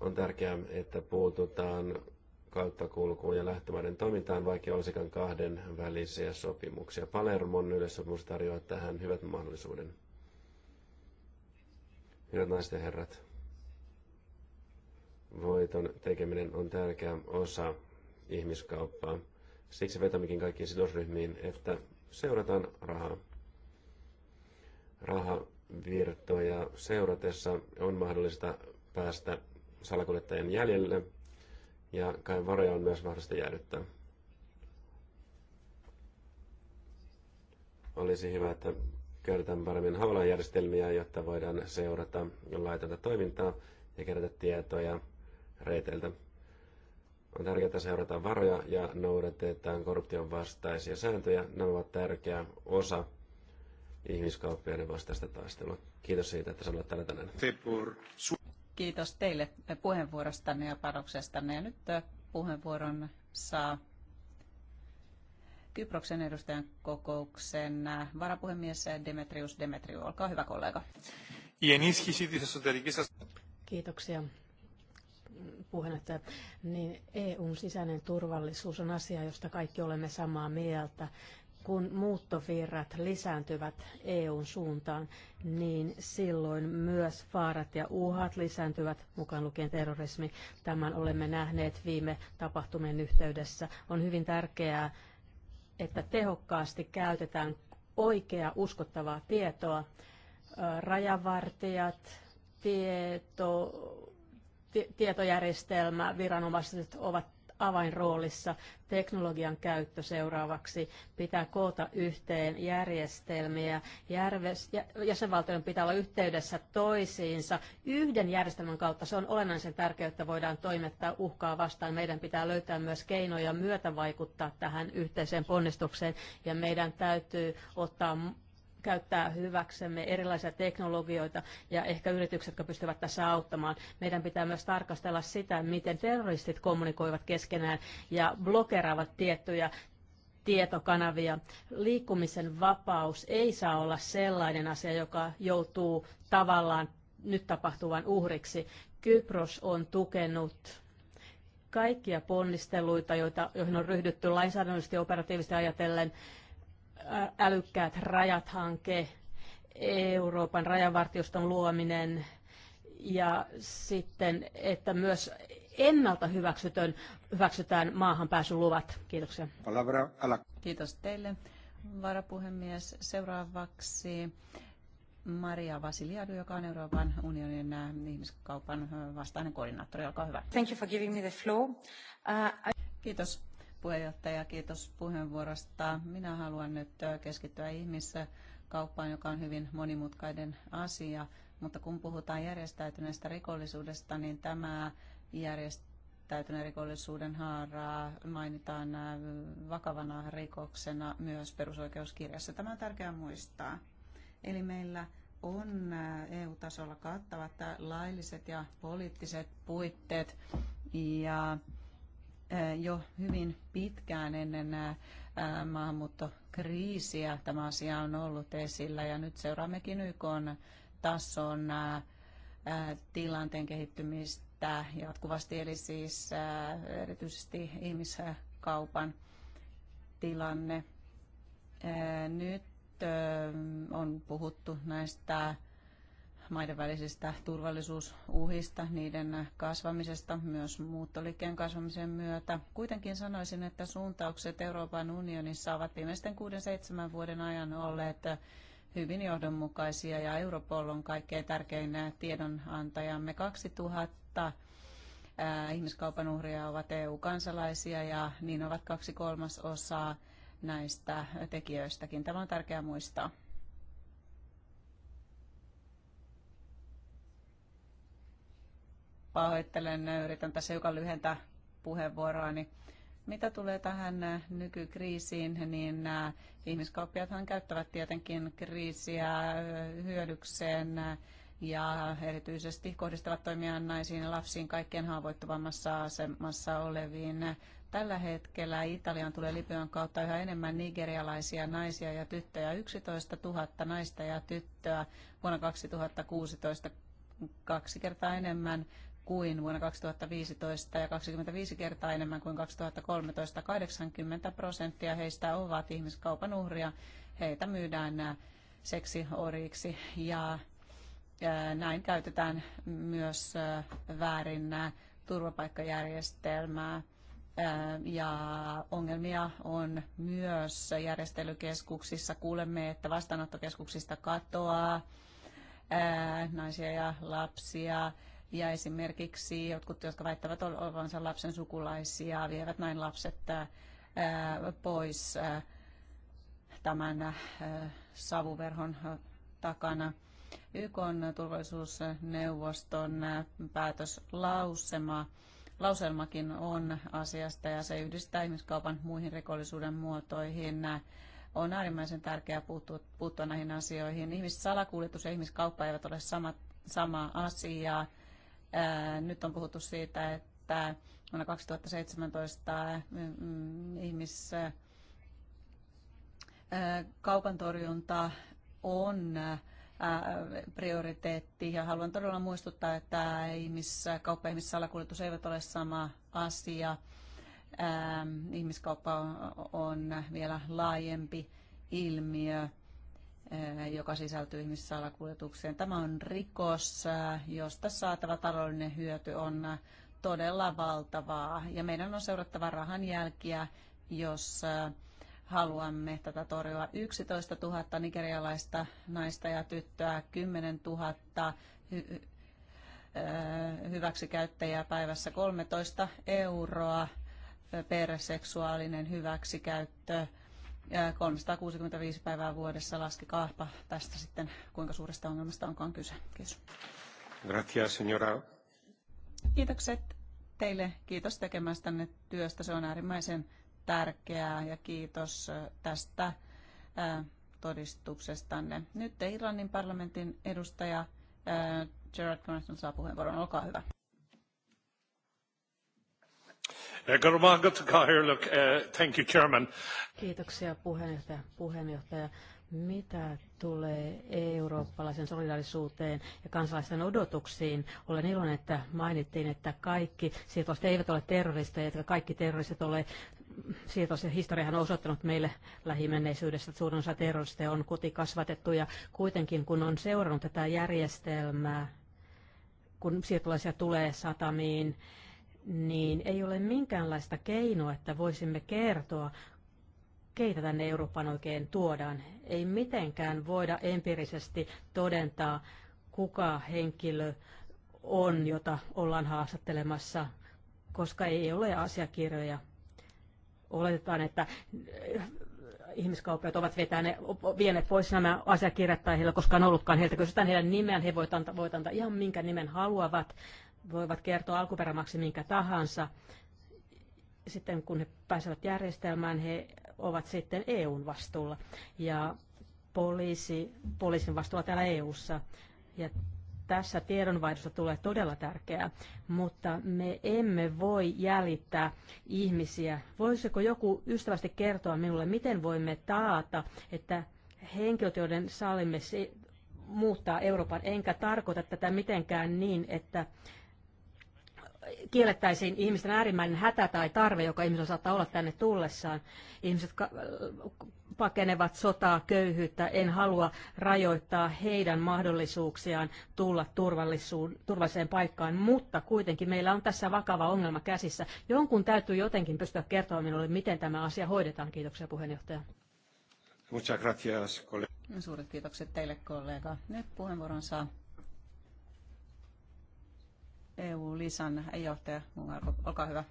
On tärkeää, että puututaan kauttakulkuun ja lähtömaiden toimintaan, vaikka olisikaan kahden välisiä sopimuksia. Palermon yleissopimus tarjoaa tähän hyvät mahdollisuuden. Hyvät naiset ja herrat, voiton tekeminen on tärkeä osa ihmiskauppaa. Siksi vetämmekin kaikkiin sidosryhmiin, että seurataan rahaa. Rahavirtoja seuratessa on mahdollista päästä salakuljettajien jäljelle ja kai varoja on myös mahdollista jäädyttää. Olisi hyvä, että käytetään paremmin havaintojärjestelmiä, jotta voidaan seurata laitonta toimintaa ja kerätä tietoja reiteiltä. On tärkeää, seurata varoja ja noudatetaan korruption vastaisia sääntöjä. Nämä ovat tärkeä osa ihmiskauppiaiden vastaista taistelua. Kiitos siitä, että sanoit täällä tänään. Kiitos teille puheenvuorostanne ja panoksestanne. Ja nyt äh, puheenvuoron saa Kyproksen edustajan kokouksen äh, varapuhemies Demetrius Demetriou. Olkaa hyvä kollega. Kiitoksia puheenjohtaja, niin EUn sisäinen turvallisuus on asia, josta kaikki olemme samaa mieltä. Kun muuttovirrat lisääntyvät EUn suuntaan, niin silloin myös vaarat ja uhat lisääntyvät, mukaan lukien terrorismi. Tämän olemme nähneet viime tapahtumien yhteydessä. On hyvin tärkeää, että tehokkaasti käytetään oikeaa uskottavaa tietoa. Rajavartijat, tieto, tietojärjestelmä, viranomaiset ovat avainroolissa. Teknologian käyttö seuraavaksi pitää koota yhteen järjestelmiä. Järves, jäsenvaltioiden pitää olla yhteydessä toisiinsa. Yhden järjestelmän kautta se on olennaisen tärkeää, että voidaan toimittaa uhkaa vastaan. Meidän pitää löytää myös keinoja myötä vaikuttaa tähän yhteiseen ponnistukseen ja meidän täytyy ottaa käyttää hyväksemme erilaisia teknologioita ja ehkä yritykset, jotka pystyvät tässä auttamaan. Meidän pitää myös tarkastella sitä, miten terroristit kommunikoivat keskenään ja blokeraavat tiettyjä tietokanavia. Liikkumisen vapaus ei saa olla sellainen asia, joka joutuu tavallaan nyt tapahtuvan uhriksi. Kypros on tukenut kaikkia ponnisteluita, joita, joihin on ryhdytty lainsäädännöllisesti ja operatiivisesti ajatellen älykkäät rajat-hanke, Euroopan rajavartioston luominen ja sitten, että myös ennalta hyväksytön, hyväksytään maahanpääsyluvat. Kiitoksia. Kiitos teille, varapuhemies. Seuraavaksi Maria Vasiliadu, joka on Euroopan unionin ihmiskaupan vastainen koordinaattori. Olkaa hyvä. Thank you for giving me the floor. Uh, I... Kiitos puheenjohtaja, kiitos puheenvuorosta. Minä haluan nyt keskittyä ihmissä kauppaan, joka on hyvin monimutkainen asia, mutta kun puhutaan järjestäytyneestä rikollisuudesta, niin tämä järjestäytyneen rikollisuuden haaraa mainitaan vakavana rikoksena myös perusoikeuskirjassa. Tämä on tärkeää muistaa. Eli meillä on EU-tasolla kattavat lailliset ja poliittiset puitteet ja jo hyvin pitkään ennen maahanmuuttokriisiä tämä asia on ollut esillä ja nyt seuraammekin YK tason tilanteen kehittymistä jatkuvasti, eli siis erityisesti ihmiskaupan tilanne. Nyt on puhuttu näistä maiden välisistä turvallisuusuhista, niiden kasvamisesta, myös muuttoliikkeen kasvamisen myötä. Kuitenkin sanoisin, että suuntaukset Euroopan unionissa ovat viimeisten 6-7 vuoden ajan olleet hyvin johdonmukaisia ja Europol on kaikkein tärkein tiedonantajamme 2000 ihmiskaupan uhria ovat EU-kansalaisia ja niin ovat kaksi kolmasosaa näistä tekijöistäkin. Tämä on tärkeää muistaa. Pahoittelen, yritän tässä joka lyhentää niin Mitä tulee tähän äh, nykykriisiin, niin nämä äh, ihmiskauppiathan käyttävät tietenkin kriisiä äh, hyödykseen ja erityisesti kohdistavat toimiaan naisiin ja lapsiin kaikkein haavoittuvammassa asemassa oleviin. Tällä hetkellä Italian tulee Libyan kautta yhä enemmän nigerialaisia naisia ja tyttöjä, 11 000 naista ja tyttöä vuonna 2016 kaksi kertaa enemmän kuin vuonna 2015 ja 25 kertaa enemmän kuin 2013. 80 prosenttia heistä ovat ihmiskaupan uhria. Heitä myydään äh, seksioriksi ja äh, näin käytetään myös äh, väärin turvapaikkajärjestelmää. Ja ongelmia on myös järjestelykeskuksissa. Kuulemme, että vastaanottokeskuksista katoaa naisia ja lapsia ja esimerkiksi jotkut, jotka väittävät olevansa lapsen sukulaisia, vievät näin lapset äh, pois äh, tämän äh, savuverhon takana. YK on turvallisuusneuvoston päätöslausema lauselmakin on asiasta ja se yhdistää ihmiskaupan muihin rikollisuuden muotoihin. On äärimmäisen tärkeää puuttua, puuttua näihin asioihin. Ihmissalakuljetus ja ihmiskauppa eivät ole sama, sama asia. Nyt on puhuttu siitä, että vuonna 2017 mm, mm, ihmis on prioriteetti ja haluan todella muistuttaa, että ihmis, kauppa ja ihmissalakuljetus eivät ole sama asia. Ihmiskauppa on vielä laajempi ilmiö Eh, joka sisältyy ihmissalakuljetukseen. Tämä on rikos, eh, josta saatava taloudellinen hyöty on todella valtavaa ja meidän on seurattava rahan jälkiä, jos eh, haluamme tätä torjua. 11 000 nigerialaista naista ja tyttöä, 10 000 hy- hyväksikäyttäjää päivässä, 13 euroa per seksuaalinen hyväksikäyttö 365 päivää vuodessa. Laskekaapa tästä sitten, kuinka suuresta ongelmasta onkaan kyse. Kiitos. Gracias, señora. Kiitokset teille. Kiitos tekemästänne työstä. Se on äärimmäisen tärkeää ja kiitos tästä todistuksestanne. Nyt Irlannin parlamentin edustaja Gerard Connerton saa puheenvuoron. Olkaa hyvä. Eh, eh, Kiitoksia puheenjohtaja. puheenjohtaja. Mitä tulee eurooppalaisen solidaarisuuteen ja kansalaisten odotuksiin, olen iloinen, että mainittiin, että kaikki siirtolaiset eivät ole terroristeja, että kaikki terroristit ole siirtolaisen historiahan on osoittanut meille lähimenneisyydessä, että suurin osa terroristeja on kotikasvatettu ja kuitenkin kun on seurannut tätä järjestelmää, kun siirtolaisia tulee satamiin, niin ei ole minkäänlaista keinoa, että voisimme kertoa, keitä tänne Euroopan oikein tuodaan. Ei mitenkään voida empiirisesti todentaa, kuka henkilö on, jota ollaan haastattelemassa, koska ei ole asiakirjoja. Oletetaan, että äh, ihmiskauppiaat ovat vetäneet, vieneet pois nämä asiakirjat tai heillä koskaan ollutkaan heiltä. Kysytään heidän nimeään, he voivat antaa, voivat antaa ihan minkä nimen haluavat, voivat kertoa alkuperämaksi minkä tahansa. Sitten kun he pääsevät järjestelmään, he ovat sitten EUn vastuulla. Ja poliisi, poliisin vastuulla täällä EUssa. Ja tässä tiedonvaihdossa tulee todella tärkeää, mutta me emme voi jäljittää ihmisiä. Voisiko joku ystävästi kertoa minulle, miten voimme taata, että henkilöt, joiden sallimme muuttaa Euroopan, enkä tarkoita tätä mitenkään niin, että kiellettäisiin ihmisten äärimmäinen hätä tai tarve, joka ihmisellä saattaa olla tänne tullessaan. Ihmiset pakenevat sotaa, köyhyyttä, en halua rajoittaa heidän mahdollisuuksiaan tulla turvalliseen paikkaan, mutta kuitenkin meillä on tässä vakava ongelma käsissä. Jonkun täytyy jotenkin pystyä kertomaan minulle, miten tämä asia hoidetaan. Kiitoksia puheenjohtaja. Muchas gracias, no, Suuret kiitokset teille kollega. Nyt puheenvuoron saa EU-lisan johtaja. Olkaa hyvä.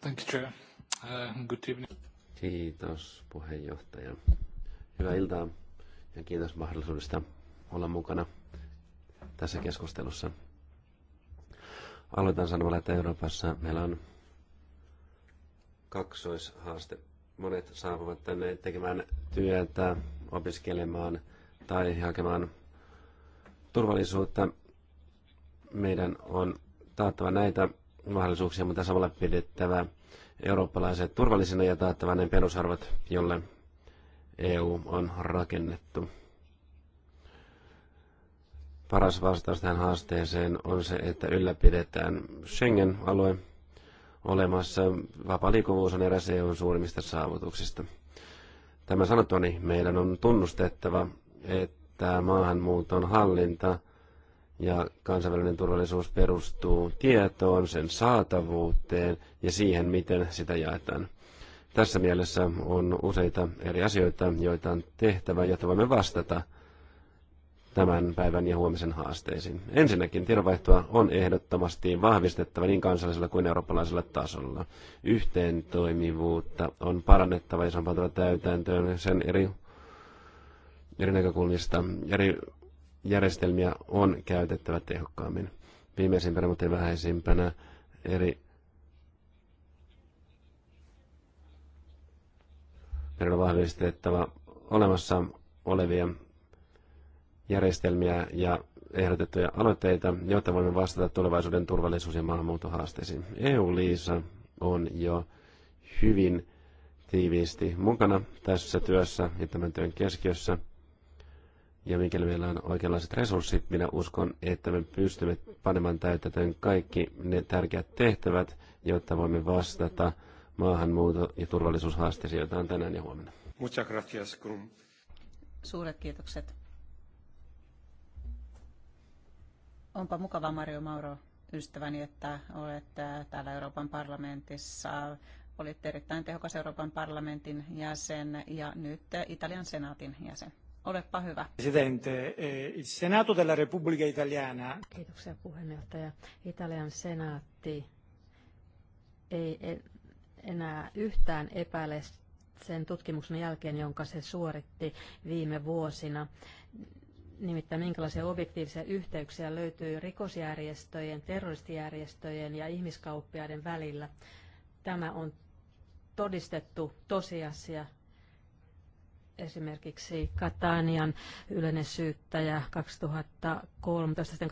Thank you, Chair. Uh, good evening. Kiitos puheenjohtaja. Hyvää iltaa ja kiitos mahdollisuudesta olla mukana tässä keskustelussa. Aloitan sanomalla, että Euroopassa meillä on kaksoishaaste. Monet saapuvat tänne tekemään työtä, opiskelemaan tai hakemaan turvallisuutta meidän on taattava näitä mahdollisuuksia, mutta samalla pidettävä eurooppalaiset turvallisina ja taattava ne perusarvot, jolle EU on rakennettu. Paras vastaus tähän haasteeseen on se, että ylläpidetään Schengen-alue olemassa. Vapaa liikkuvuus on eräs EUn suurimmista saavutuksista. Tämä sanottuani meidän on tunnustettava, että maahanmuuton hallinta – ja kansainvälinen turvallisuus perustuu tietoon, sen saatavuuteen ja siihen, miten sitä jaetaan. Tässä mielessä on useita eri asioita, joita on tehtävä, jotta voimme vastata tämän päivän ja huomisen haasteisiin. Ensinnäkin tiedonvaihtoa on ehdottomasti vahvistettava niin kansallisella kuin eurooppalaisella tasolla. Yhteen toimivuutta on parannettava ja se on täytäntöön sen eri, eri näkökulmista, eri järjestelmiä on käytettävä tehokkaammin. Viimeisimpänä, mutta ei vähäisimpänä, eri meidän on vahvistettava olemassa olevia järjestelmiä ja ehdotettuja aloitteita, jotta voimme vastata tulevaisuuden turvallisuus- ja maahanmuuttohaasteisiin. EU-liisa on jo hyvin tiiviisti mukana tässä työssä ja tämän työn keskiössä – ja mikäli meillä on oikeanlaiset resurssit, minä uskon, että me pystymme panemaan täytäntöön kaikki ne tärkeät tehtävät, jotta voimme vastata maahanmuuto- ja turvallisuushaasteisiin, joita on tänään ja huomenna. Muchas gracias, Suuret kiitokset. Onpa mukava Mario Mauro, ystäväni, että olet äh, täällä Euroopan parlamentissa. Olit erittäin tehokas Euroopan parlamentin jäsen ja nyt äh, Italian senaatin jäsen. Olepa hyvä. Presidente, eh, il Senato della Repubblica Italiana. Kiitoksia puheenjohtaja. Italian senaatti ei enää yhtään epäile sen tutkimuksen jälkeen, jonka se suoritti viime vuosina. Nimittäin minkälaisia objektiivisia yhteyksiä löytyy rikosjärjestöjen, terroristijärjestöjen ja ihmiskauppiaiden välillä. Tämä on todistettu tosiasia esimerkiksi Katanian yleinen syyttäjä 2013 sitten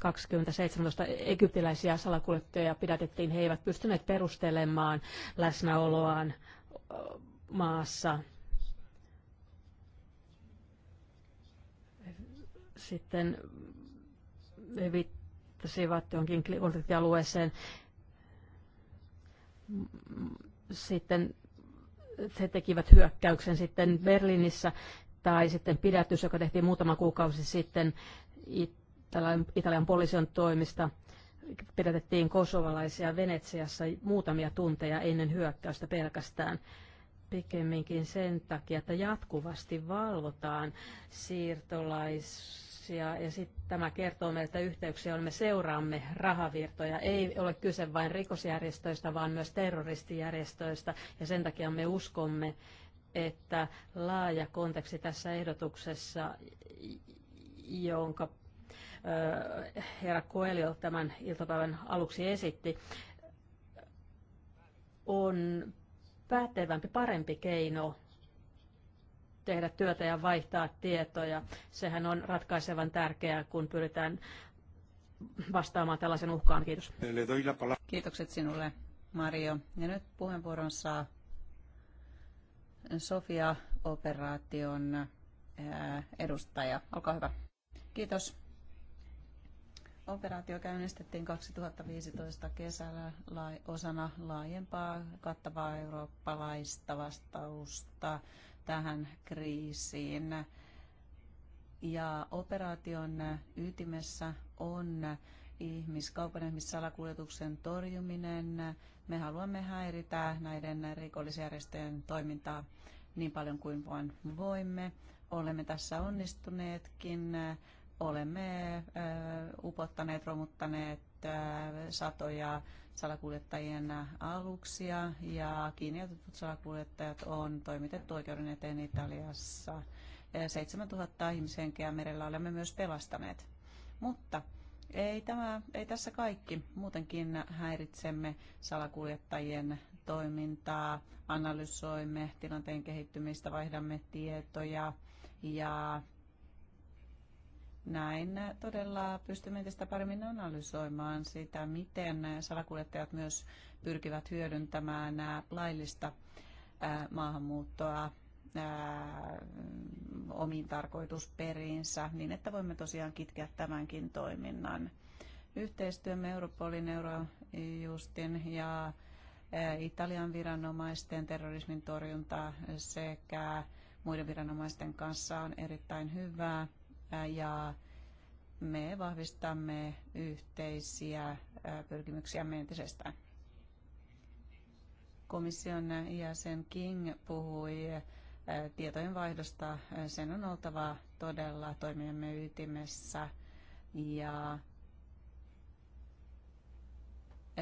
2017 egyptiläisiä salakuljettajia pidätettiin. He eivät pystyneet perustelemaan läsnäoloaan maassa. Sitten he viittasivat johonkin konfliktialueeseen. Sitten he tekivät hyökkäyksen sitten Berliinissä tai sitten pidätys, joka tehtiin muutama kuukausi sitten Italian, Italian poliisin toimista. Pidätettiin kosovalaisia Venetsiassa muutamia tunteja ennen hyökkäystä pelkästään pikemminkin sen takia, että jatkuvasti valvotaan siirtolais yhteyksiä ja sit tämä kertoo meille, että yhteyksiä on, me seuraamme rahavirtoja. Ei ole kyse vain rikosjärjestöistä, vaan myös terroristijärjestöistä ja sen takia me uskomme, että laaja konteksti tässä ehdotuksessa, jonka herra Koelio tämän iltapäivän aluksi esitti, on pätevämpi, parempi keino tehdä työtä ja vaihtaa tietoja. Sehän on ratkaisevan tärkeää, kun pyritään vastaamaan tällaisen uhkaan. Kiitos. Kiitokset sinulle, Mario. Ja nyt puheenvuoron saa Sofia-operaation eh, edustaja. Olkaa hyvä. Kiitos. Operaatio käynnistettiin 2015 kesällä osana laajempaa kattavaa eurooppalaista vastausta tähän kriisiin. Ja operaation ytimessä on ihmiskaupan ihmissalakuljetuksen torjuminen. Me haluamme häiritä näiden rikollisjärjestöjen toimintaa niin paljon kuin vain voimme. Olemme tässä onnistuneetkin. Olemme upottaneet, romuttaneet satoja salakuljettajien aluksia ja kiinniotetut salakuljettajat on toimitettu oikeuden eteen Italiassa. 7000 ihmishenkeä merellä olemme myös pelastaneet. Mutta ei, tämä, ei tässä kaikki. Muutenkin häiritsemme salakuljettajien toimintaa, analysoimme tilanteen kehittymistä, vaihdamme tietoja ja näin todella pystymme entistä paremmin analysoimaan sitä, miten salakuljettajat myös pyrkivät hyödyntämään laillista maahanmuuttoa omiin tarkoitusperiinsä, niin että voimme tosiaan kitkeä tämänkin toiminnan. Yhteistyömme Europolin, Eurojustin ja Italian viranomaisten terrorismin torjunta sekä muiden viranomaisten kanssa on erittäin hyvää ja me vahvistamme yhteisiä pyrkimyksiä entisestään. Komission jäsen King puhui tietojen vaihdosta. Sen on oltava todella toimijamme ytimessä ja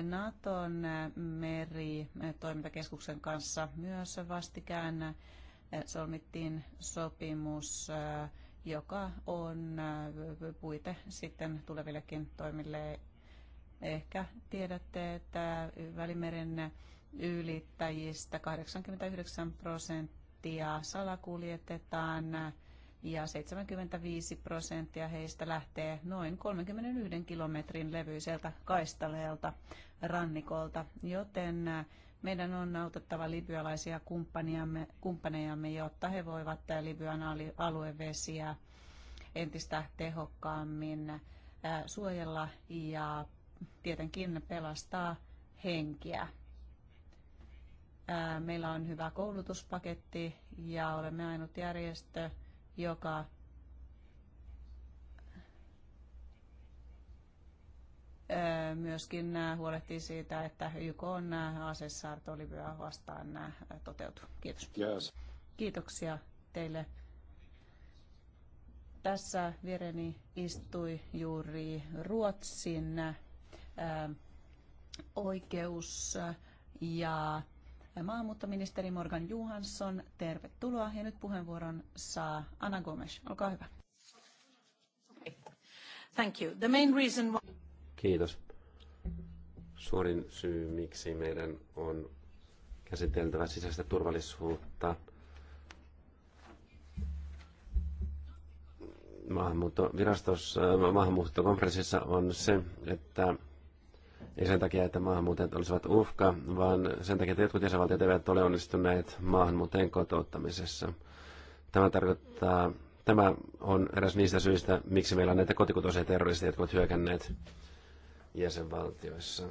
Naton meritoimintakeskuksen kanssa myös vastikään solmittiin sopimus joka on äh, puite sitten tulevillekin toimille. Ehkä tiedätte, että Välimeren ylittäjistä 89 prosenttia salakuljetetaan ja 75 prosenttia heistä lähtee noin 31 kilometrin levyiseltä kaistaleelta rannikolta, joten meidän on autettava libyalaisia kumppaniamme, kumppanejamme, jotta he voivat Libyan aluevesiä entistä tehokkaammin suojella ja tietenkin pelastaa henkiä. Meillä on hyvä koulutuspaketti ja olemme ainut järjestö, joka myöskin huolehtii siitä, että YK on asesaarto Libyä vastaan toteutuu. Kiitos. Yes. Kiitoksia teille. Tässä viereni istui juuri Ruotsin oikeus- ja maahanmuuttoministeri Morgan Johansson. Tervetuloa ja nyt puheenvuoron saa Anna Gomes. Olkaa hyvä. Thank you. The main reason why... Kiitos. Suurin syy, miksi meidän on käsiteltävä sisäistä turvallisuutta äh, maahanmuuttokonferenssissa on se, että ei sen takia, että maahanmuuttajat olisivat uhka, vaan sen takia, että jotkut jäsenvaltiot eivät ole onnistuneet maahanmuuttajien kotouttamisessa. Tämä tarkoittaa, tämä on eräs niistä syistä, miksi meillä on näitä kotikutoisia terroristeja, jotka ovat hyökänneet jäsenvaltioissa.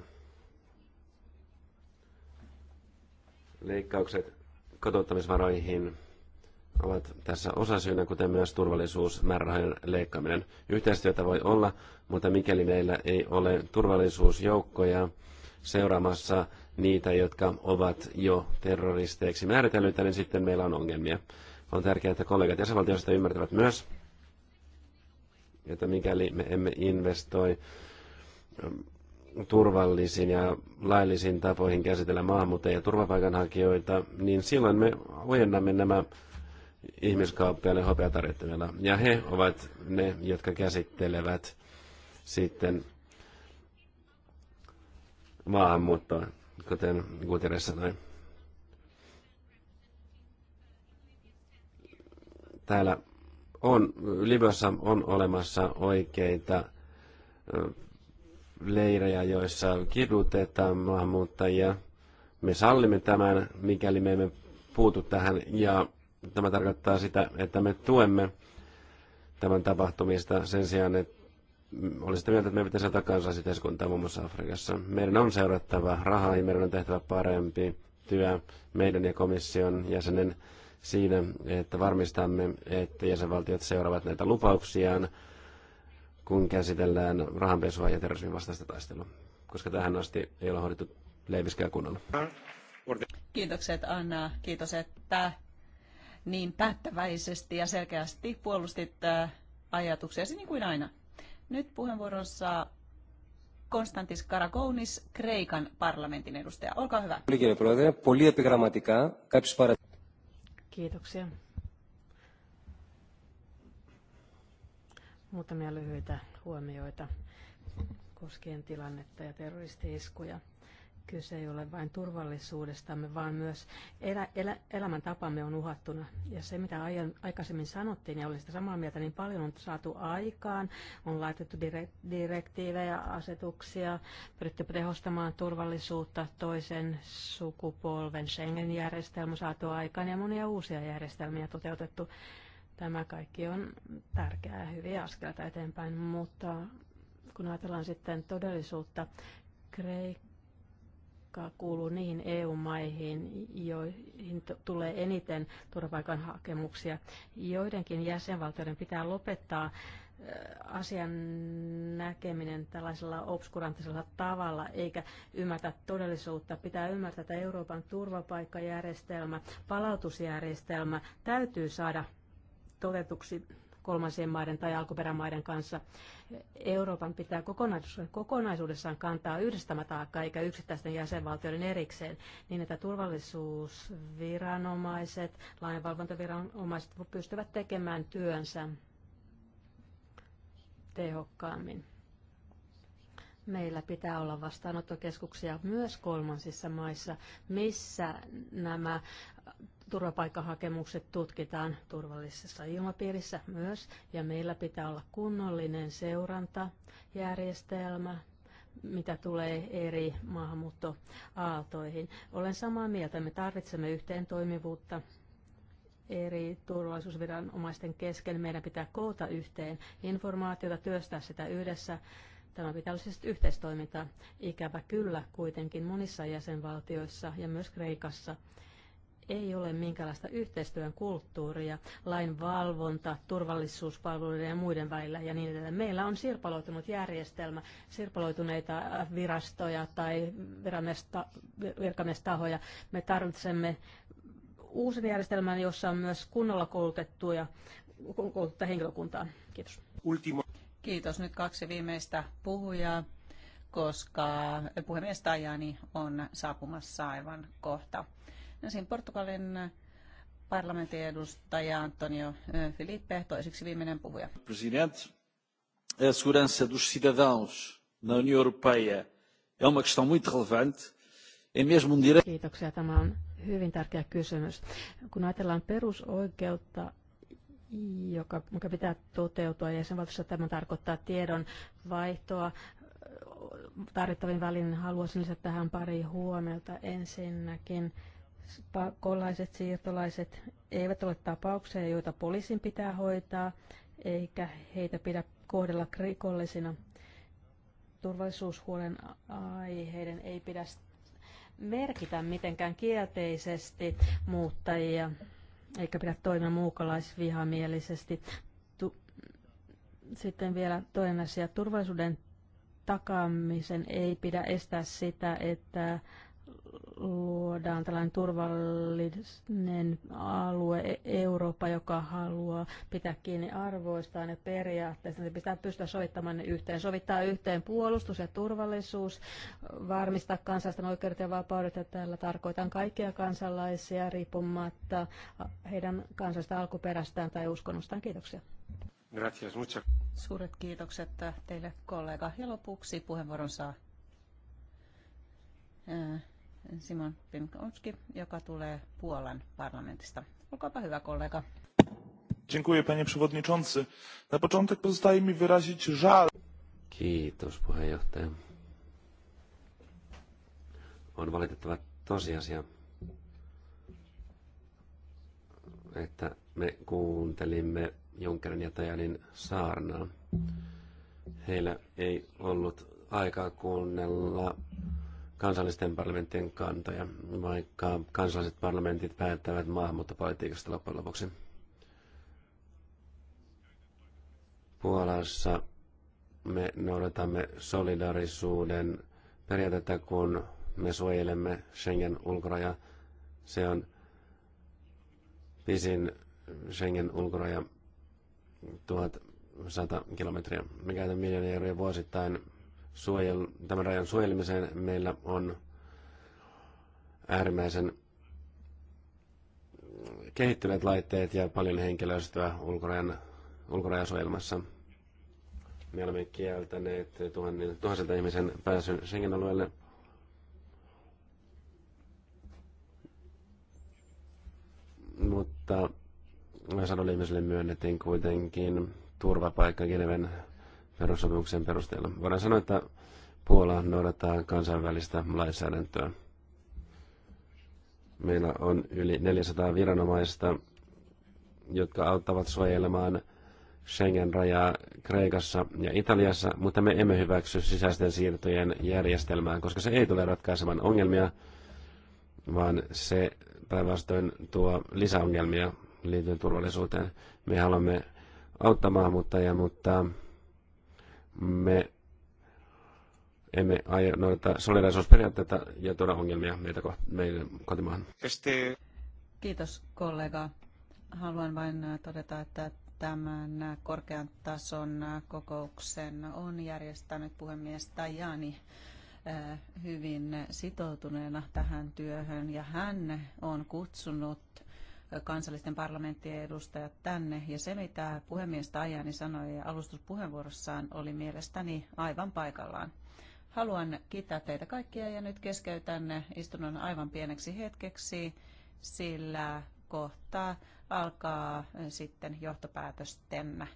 Leikkaukset kotouttamisvaroihin ovat tässä osasyynä, kuten myös turvallisuusmäärärahojen leikkaaminen. Yhteistyötä voi olla, mutta mikäli meillä ei ole turvallisuusjoukkoja seuraamassa niitä, jotka ovat jo terroristeiksi määritellyitä, niin sitten meillä on ongelmia. On tärkeää, että kollegat jäsenvaltioista ymmärtävät myös, että mikäli me emme investoi turvallisiin ja laillisiin tapoihin käsitellä maahanmuuttajia ja turvapaikanhakijoita, niin silloin me ojennamme nämä ihmiskauppiaille hopeatarjottimella. Ja he ovat ne, jotka käsittelevät sitten maahanmuuttoa, kuten Guterres sanoi. Täällä on, Libyassa on olemassa oikeita leirejä, joissa kidutetaan maahanmuuttajia. Me sallimme tämän, mikäli me emme puutu tähän, ja tämä tarkoittaa sitä, että me tuemme tämän tapahtumista sen sijaan, että olisi sitä mieltä, että me pitäisi ottaa kansalaisyhteiskuntaa muun muassa Afrikassa. Meidän on seurattava rahaa ja meidän on tehtävä parempi työ meidän ja komission jäsenen siinä, että varmistamme, että jäsenvaltiot seuraavat näitä lupauksiaan kun käsitellään rahanpesua ja terrorismin vastaista taistelua, koska tähän asti ei ole hoidettu leiviskää kunnolla. Kiitokset Anna, kiitos, että niin päättäväisesti ja selkeästi puolustit äh, ajatuksiasi niin kuin aina. Nyt puheenvuorossa Konstantis Karakounis, Kreikan parlamentin edustaja. Olkaa hyvä. Kiitoksia. Muutamia lyhyitä huomioita koskien tilannetta ja terroristi-iskuja. Kyse ei ole vain turvallisuudestamme, vaan myös elä, elä, elämäntapamme on uhattuna. Ja se, mitä aion, aikaisemmin sanottiin, ja olen sitä samaa mieltä, niin paljon on saatu aikaan. On laitettu direktiivejä, asetuksia, pyritty tehostamaan turvallisuutta, toisen sukupolven Schengen-järjestelmä saatu aikaan ja monia uusia järjestelmiä toteutettu. Tämä kaikki on tärkeää hyviä askelta eteenpäin, mutta kun ajatellaan sitten todellisuutta, Kreikka kuuluu niihin EU-maihin, joihin tulee eniten turvapaikanhakemuksia. Joidenkin jäsenvaltioiden pitää lopettaa äh, asian näkeminen tällaisella obskuranttisella tavalla, eikä ymmärtää todellisuutta. Pitää ymmärtää, että Euroopan turvapaikkajärjestelmä, palautusjärjestelmä täytyy saada toteutuksi kolmansien maiden tai alkuperämaiden kanssa. Euroopan pitää kokonaisuudessaan kantaa yhdistämä taakka eikä yksittäisten jäsenvaltioiden erikseen, niin että turvallisuusviranomaiset, lainvalvontaviranomaiset pystyvät tekemään työnsä tehokkaammin. Meillä pitää olla vastaanottokeskuksia myös kolmansissa maissa, missä nämä turvapaikkahakemukset tutkitaan turvallisessa ilmapiirissä myös, ja meillä pitää olla kunnollinen seurantajärjestelmä, mitä tulee eri maahanmuuttoaaltoihin. Olen samaa mieltä, me tarvitsemme yhteen toimivuutta eri turvallisuusviranomaisten kesken. Meidän pitää koota yhteen informaatiota, työstää sitä yhdessä. Tämä pitää olla siis yhteistoiminta. Ikävä kyllä kuitenkin monissa jäsenvaltioissa ja myös Kreikassa – ei ole minkälaista yhteistyön kulttuuria, lainvalvonta, turvallisuuspalveluiden ja muiden välillä ja niin edelleen. Meillä on sirpaloitunut järjestelmä, sirpaloituneita virastoja tai virkamestahoja. Me tarvitsemme uusen järjestelmän, jossa on myös kunnolla koulutettuja koulutettu henkilökuntaa. Kiitos. Ultima. Kiitos. Nyt kaksi viimeistä puhujaa, koska puhemies Tajani on saapumassa aivan kohta. Ensin Portugalin parlamentin edustaja Antonio Filipe, toiseksi viimeinen puhuja. President, a segurança dos cidadãos na União Europeia é uma questão muito relevante. Um Kiitoksia. Tämä on hyvin tärkeä kysymys. Kun ajatellaan perusoikeutta, joka, joka pitää toteutua jäsenvaltiossa, tämä tarkoittaa tiedon vaihtoa, tarvittavin välin haluaisin lisätä tähän pari huomiota. Ensinnäkin pakolaiset, siirtolaiset eivät ole tapauksia, joita poliisin pitää hoitaa, eikä heitä pidä kohdella rikollisina. Turvallisuushuolen aiheiden ei pidä merkitä mitenkään kielteisesti muuttajia, eikä pidä toimia muukalaisvihamielisesti. Tu- Sitten vielä toinen asia. Turvallisuuden takaamisen ei pidä estää sitä, että luodaan tällainen turvallinen alue e- Eurooppa, joka haluaa pitää kiinni arvoistaan ja periaatteista. Se pitää pystyä sovittamaan ne yhteen. Sovittaa yhteen puolustus ja turvallisuus, varmistaa kansalaisten oikeudet ja vapaudet, ja tällä tarkoitan kaikkia kansalaisia riippumatta heidän kansallista alkuperästään tai uskonnostaan. Kiitoksia. Gracias, muchas. Suuret kiitokset teille kollega. Ja lopuksi puheenvuoron saa Simon Pimkowski, joka tulee Puolan parlamentista. Olkaapa hyvä kollega. Dziękuję panie przewodniczący. Na początek pozostaje mi wyrazić żal. Kiitos puheenjohtaja. On valitettava tosiasia, että me kuuntelimme Junckerin ja Tajanin saarnaa. Heillä ei ollut aikaa kuunnella kansallisten parlamenttien kantoja, vaikka kansalliset parlamentit päättävät maahanmuuttopolitiikasta loppujen lopuksi. Puolassa me noudatamme solidarisuuden periaatetta, kun me suojelemme Schengen ulkoraja. Se on pisin Schengen ulkoraja 1100 kilometriä. Me käytämme miljoonia euroja vuosittain suojel, tämän rajan suojelemiseen meillä on äärimmäisen kehittyneet laitteet ja paljon henkilöstöä ulkorajan, ulkorajasuojelmassa. Me olemme kieltäneet tuhannen, tuhansilta ihmisen pääsyn Schengen-alueelle. Mutta sanoin ihmisille myönnettiin kuitenkin turvapaikka Geneven perussopimuksen perusteella. Voidaan sanoa, että Puola noudattaa kansainvälistä lainsäädäntöä. Meillä on yli 400 viranomaista, jotka auttavat suojelemaan Schengen-rajaa Kreikassa ja Italiassa, mutta me emme hyväksy sisäisten siirtojen järjestelmää, koska se ei tule ratkaisemaan ongelmia, vaan se päinvastoin tuo lisäongelmia liittyen turvallisuuteen. Me haluamme auttamaan, mutta ja mutta me emme aio noita solidaisuusperiaatteita ja tuoda ongelmia meitä koht- meille kotimaahan. Kiitos kollega. Haluan vain todeta, että tämän korkean tason kokouksen on järjestänyt puhemies Tajani eh, hyvin sitoutuneena tähän työhön ja hän on kutsunut kansallisten parlamenttien edustajat tänne. Ja se, mitä puhemies Tajani sanoi alustuspuheenvuorossaan, oli mielestäni aivan paikallaan. Haluan kiittää teitä kaikkia ja nyt keskeytän istunnon aivan pieneksi hetkeksi, sillä kohta alkaa sitten johtopäätösten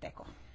teko.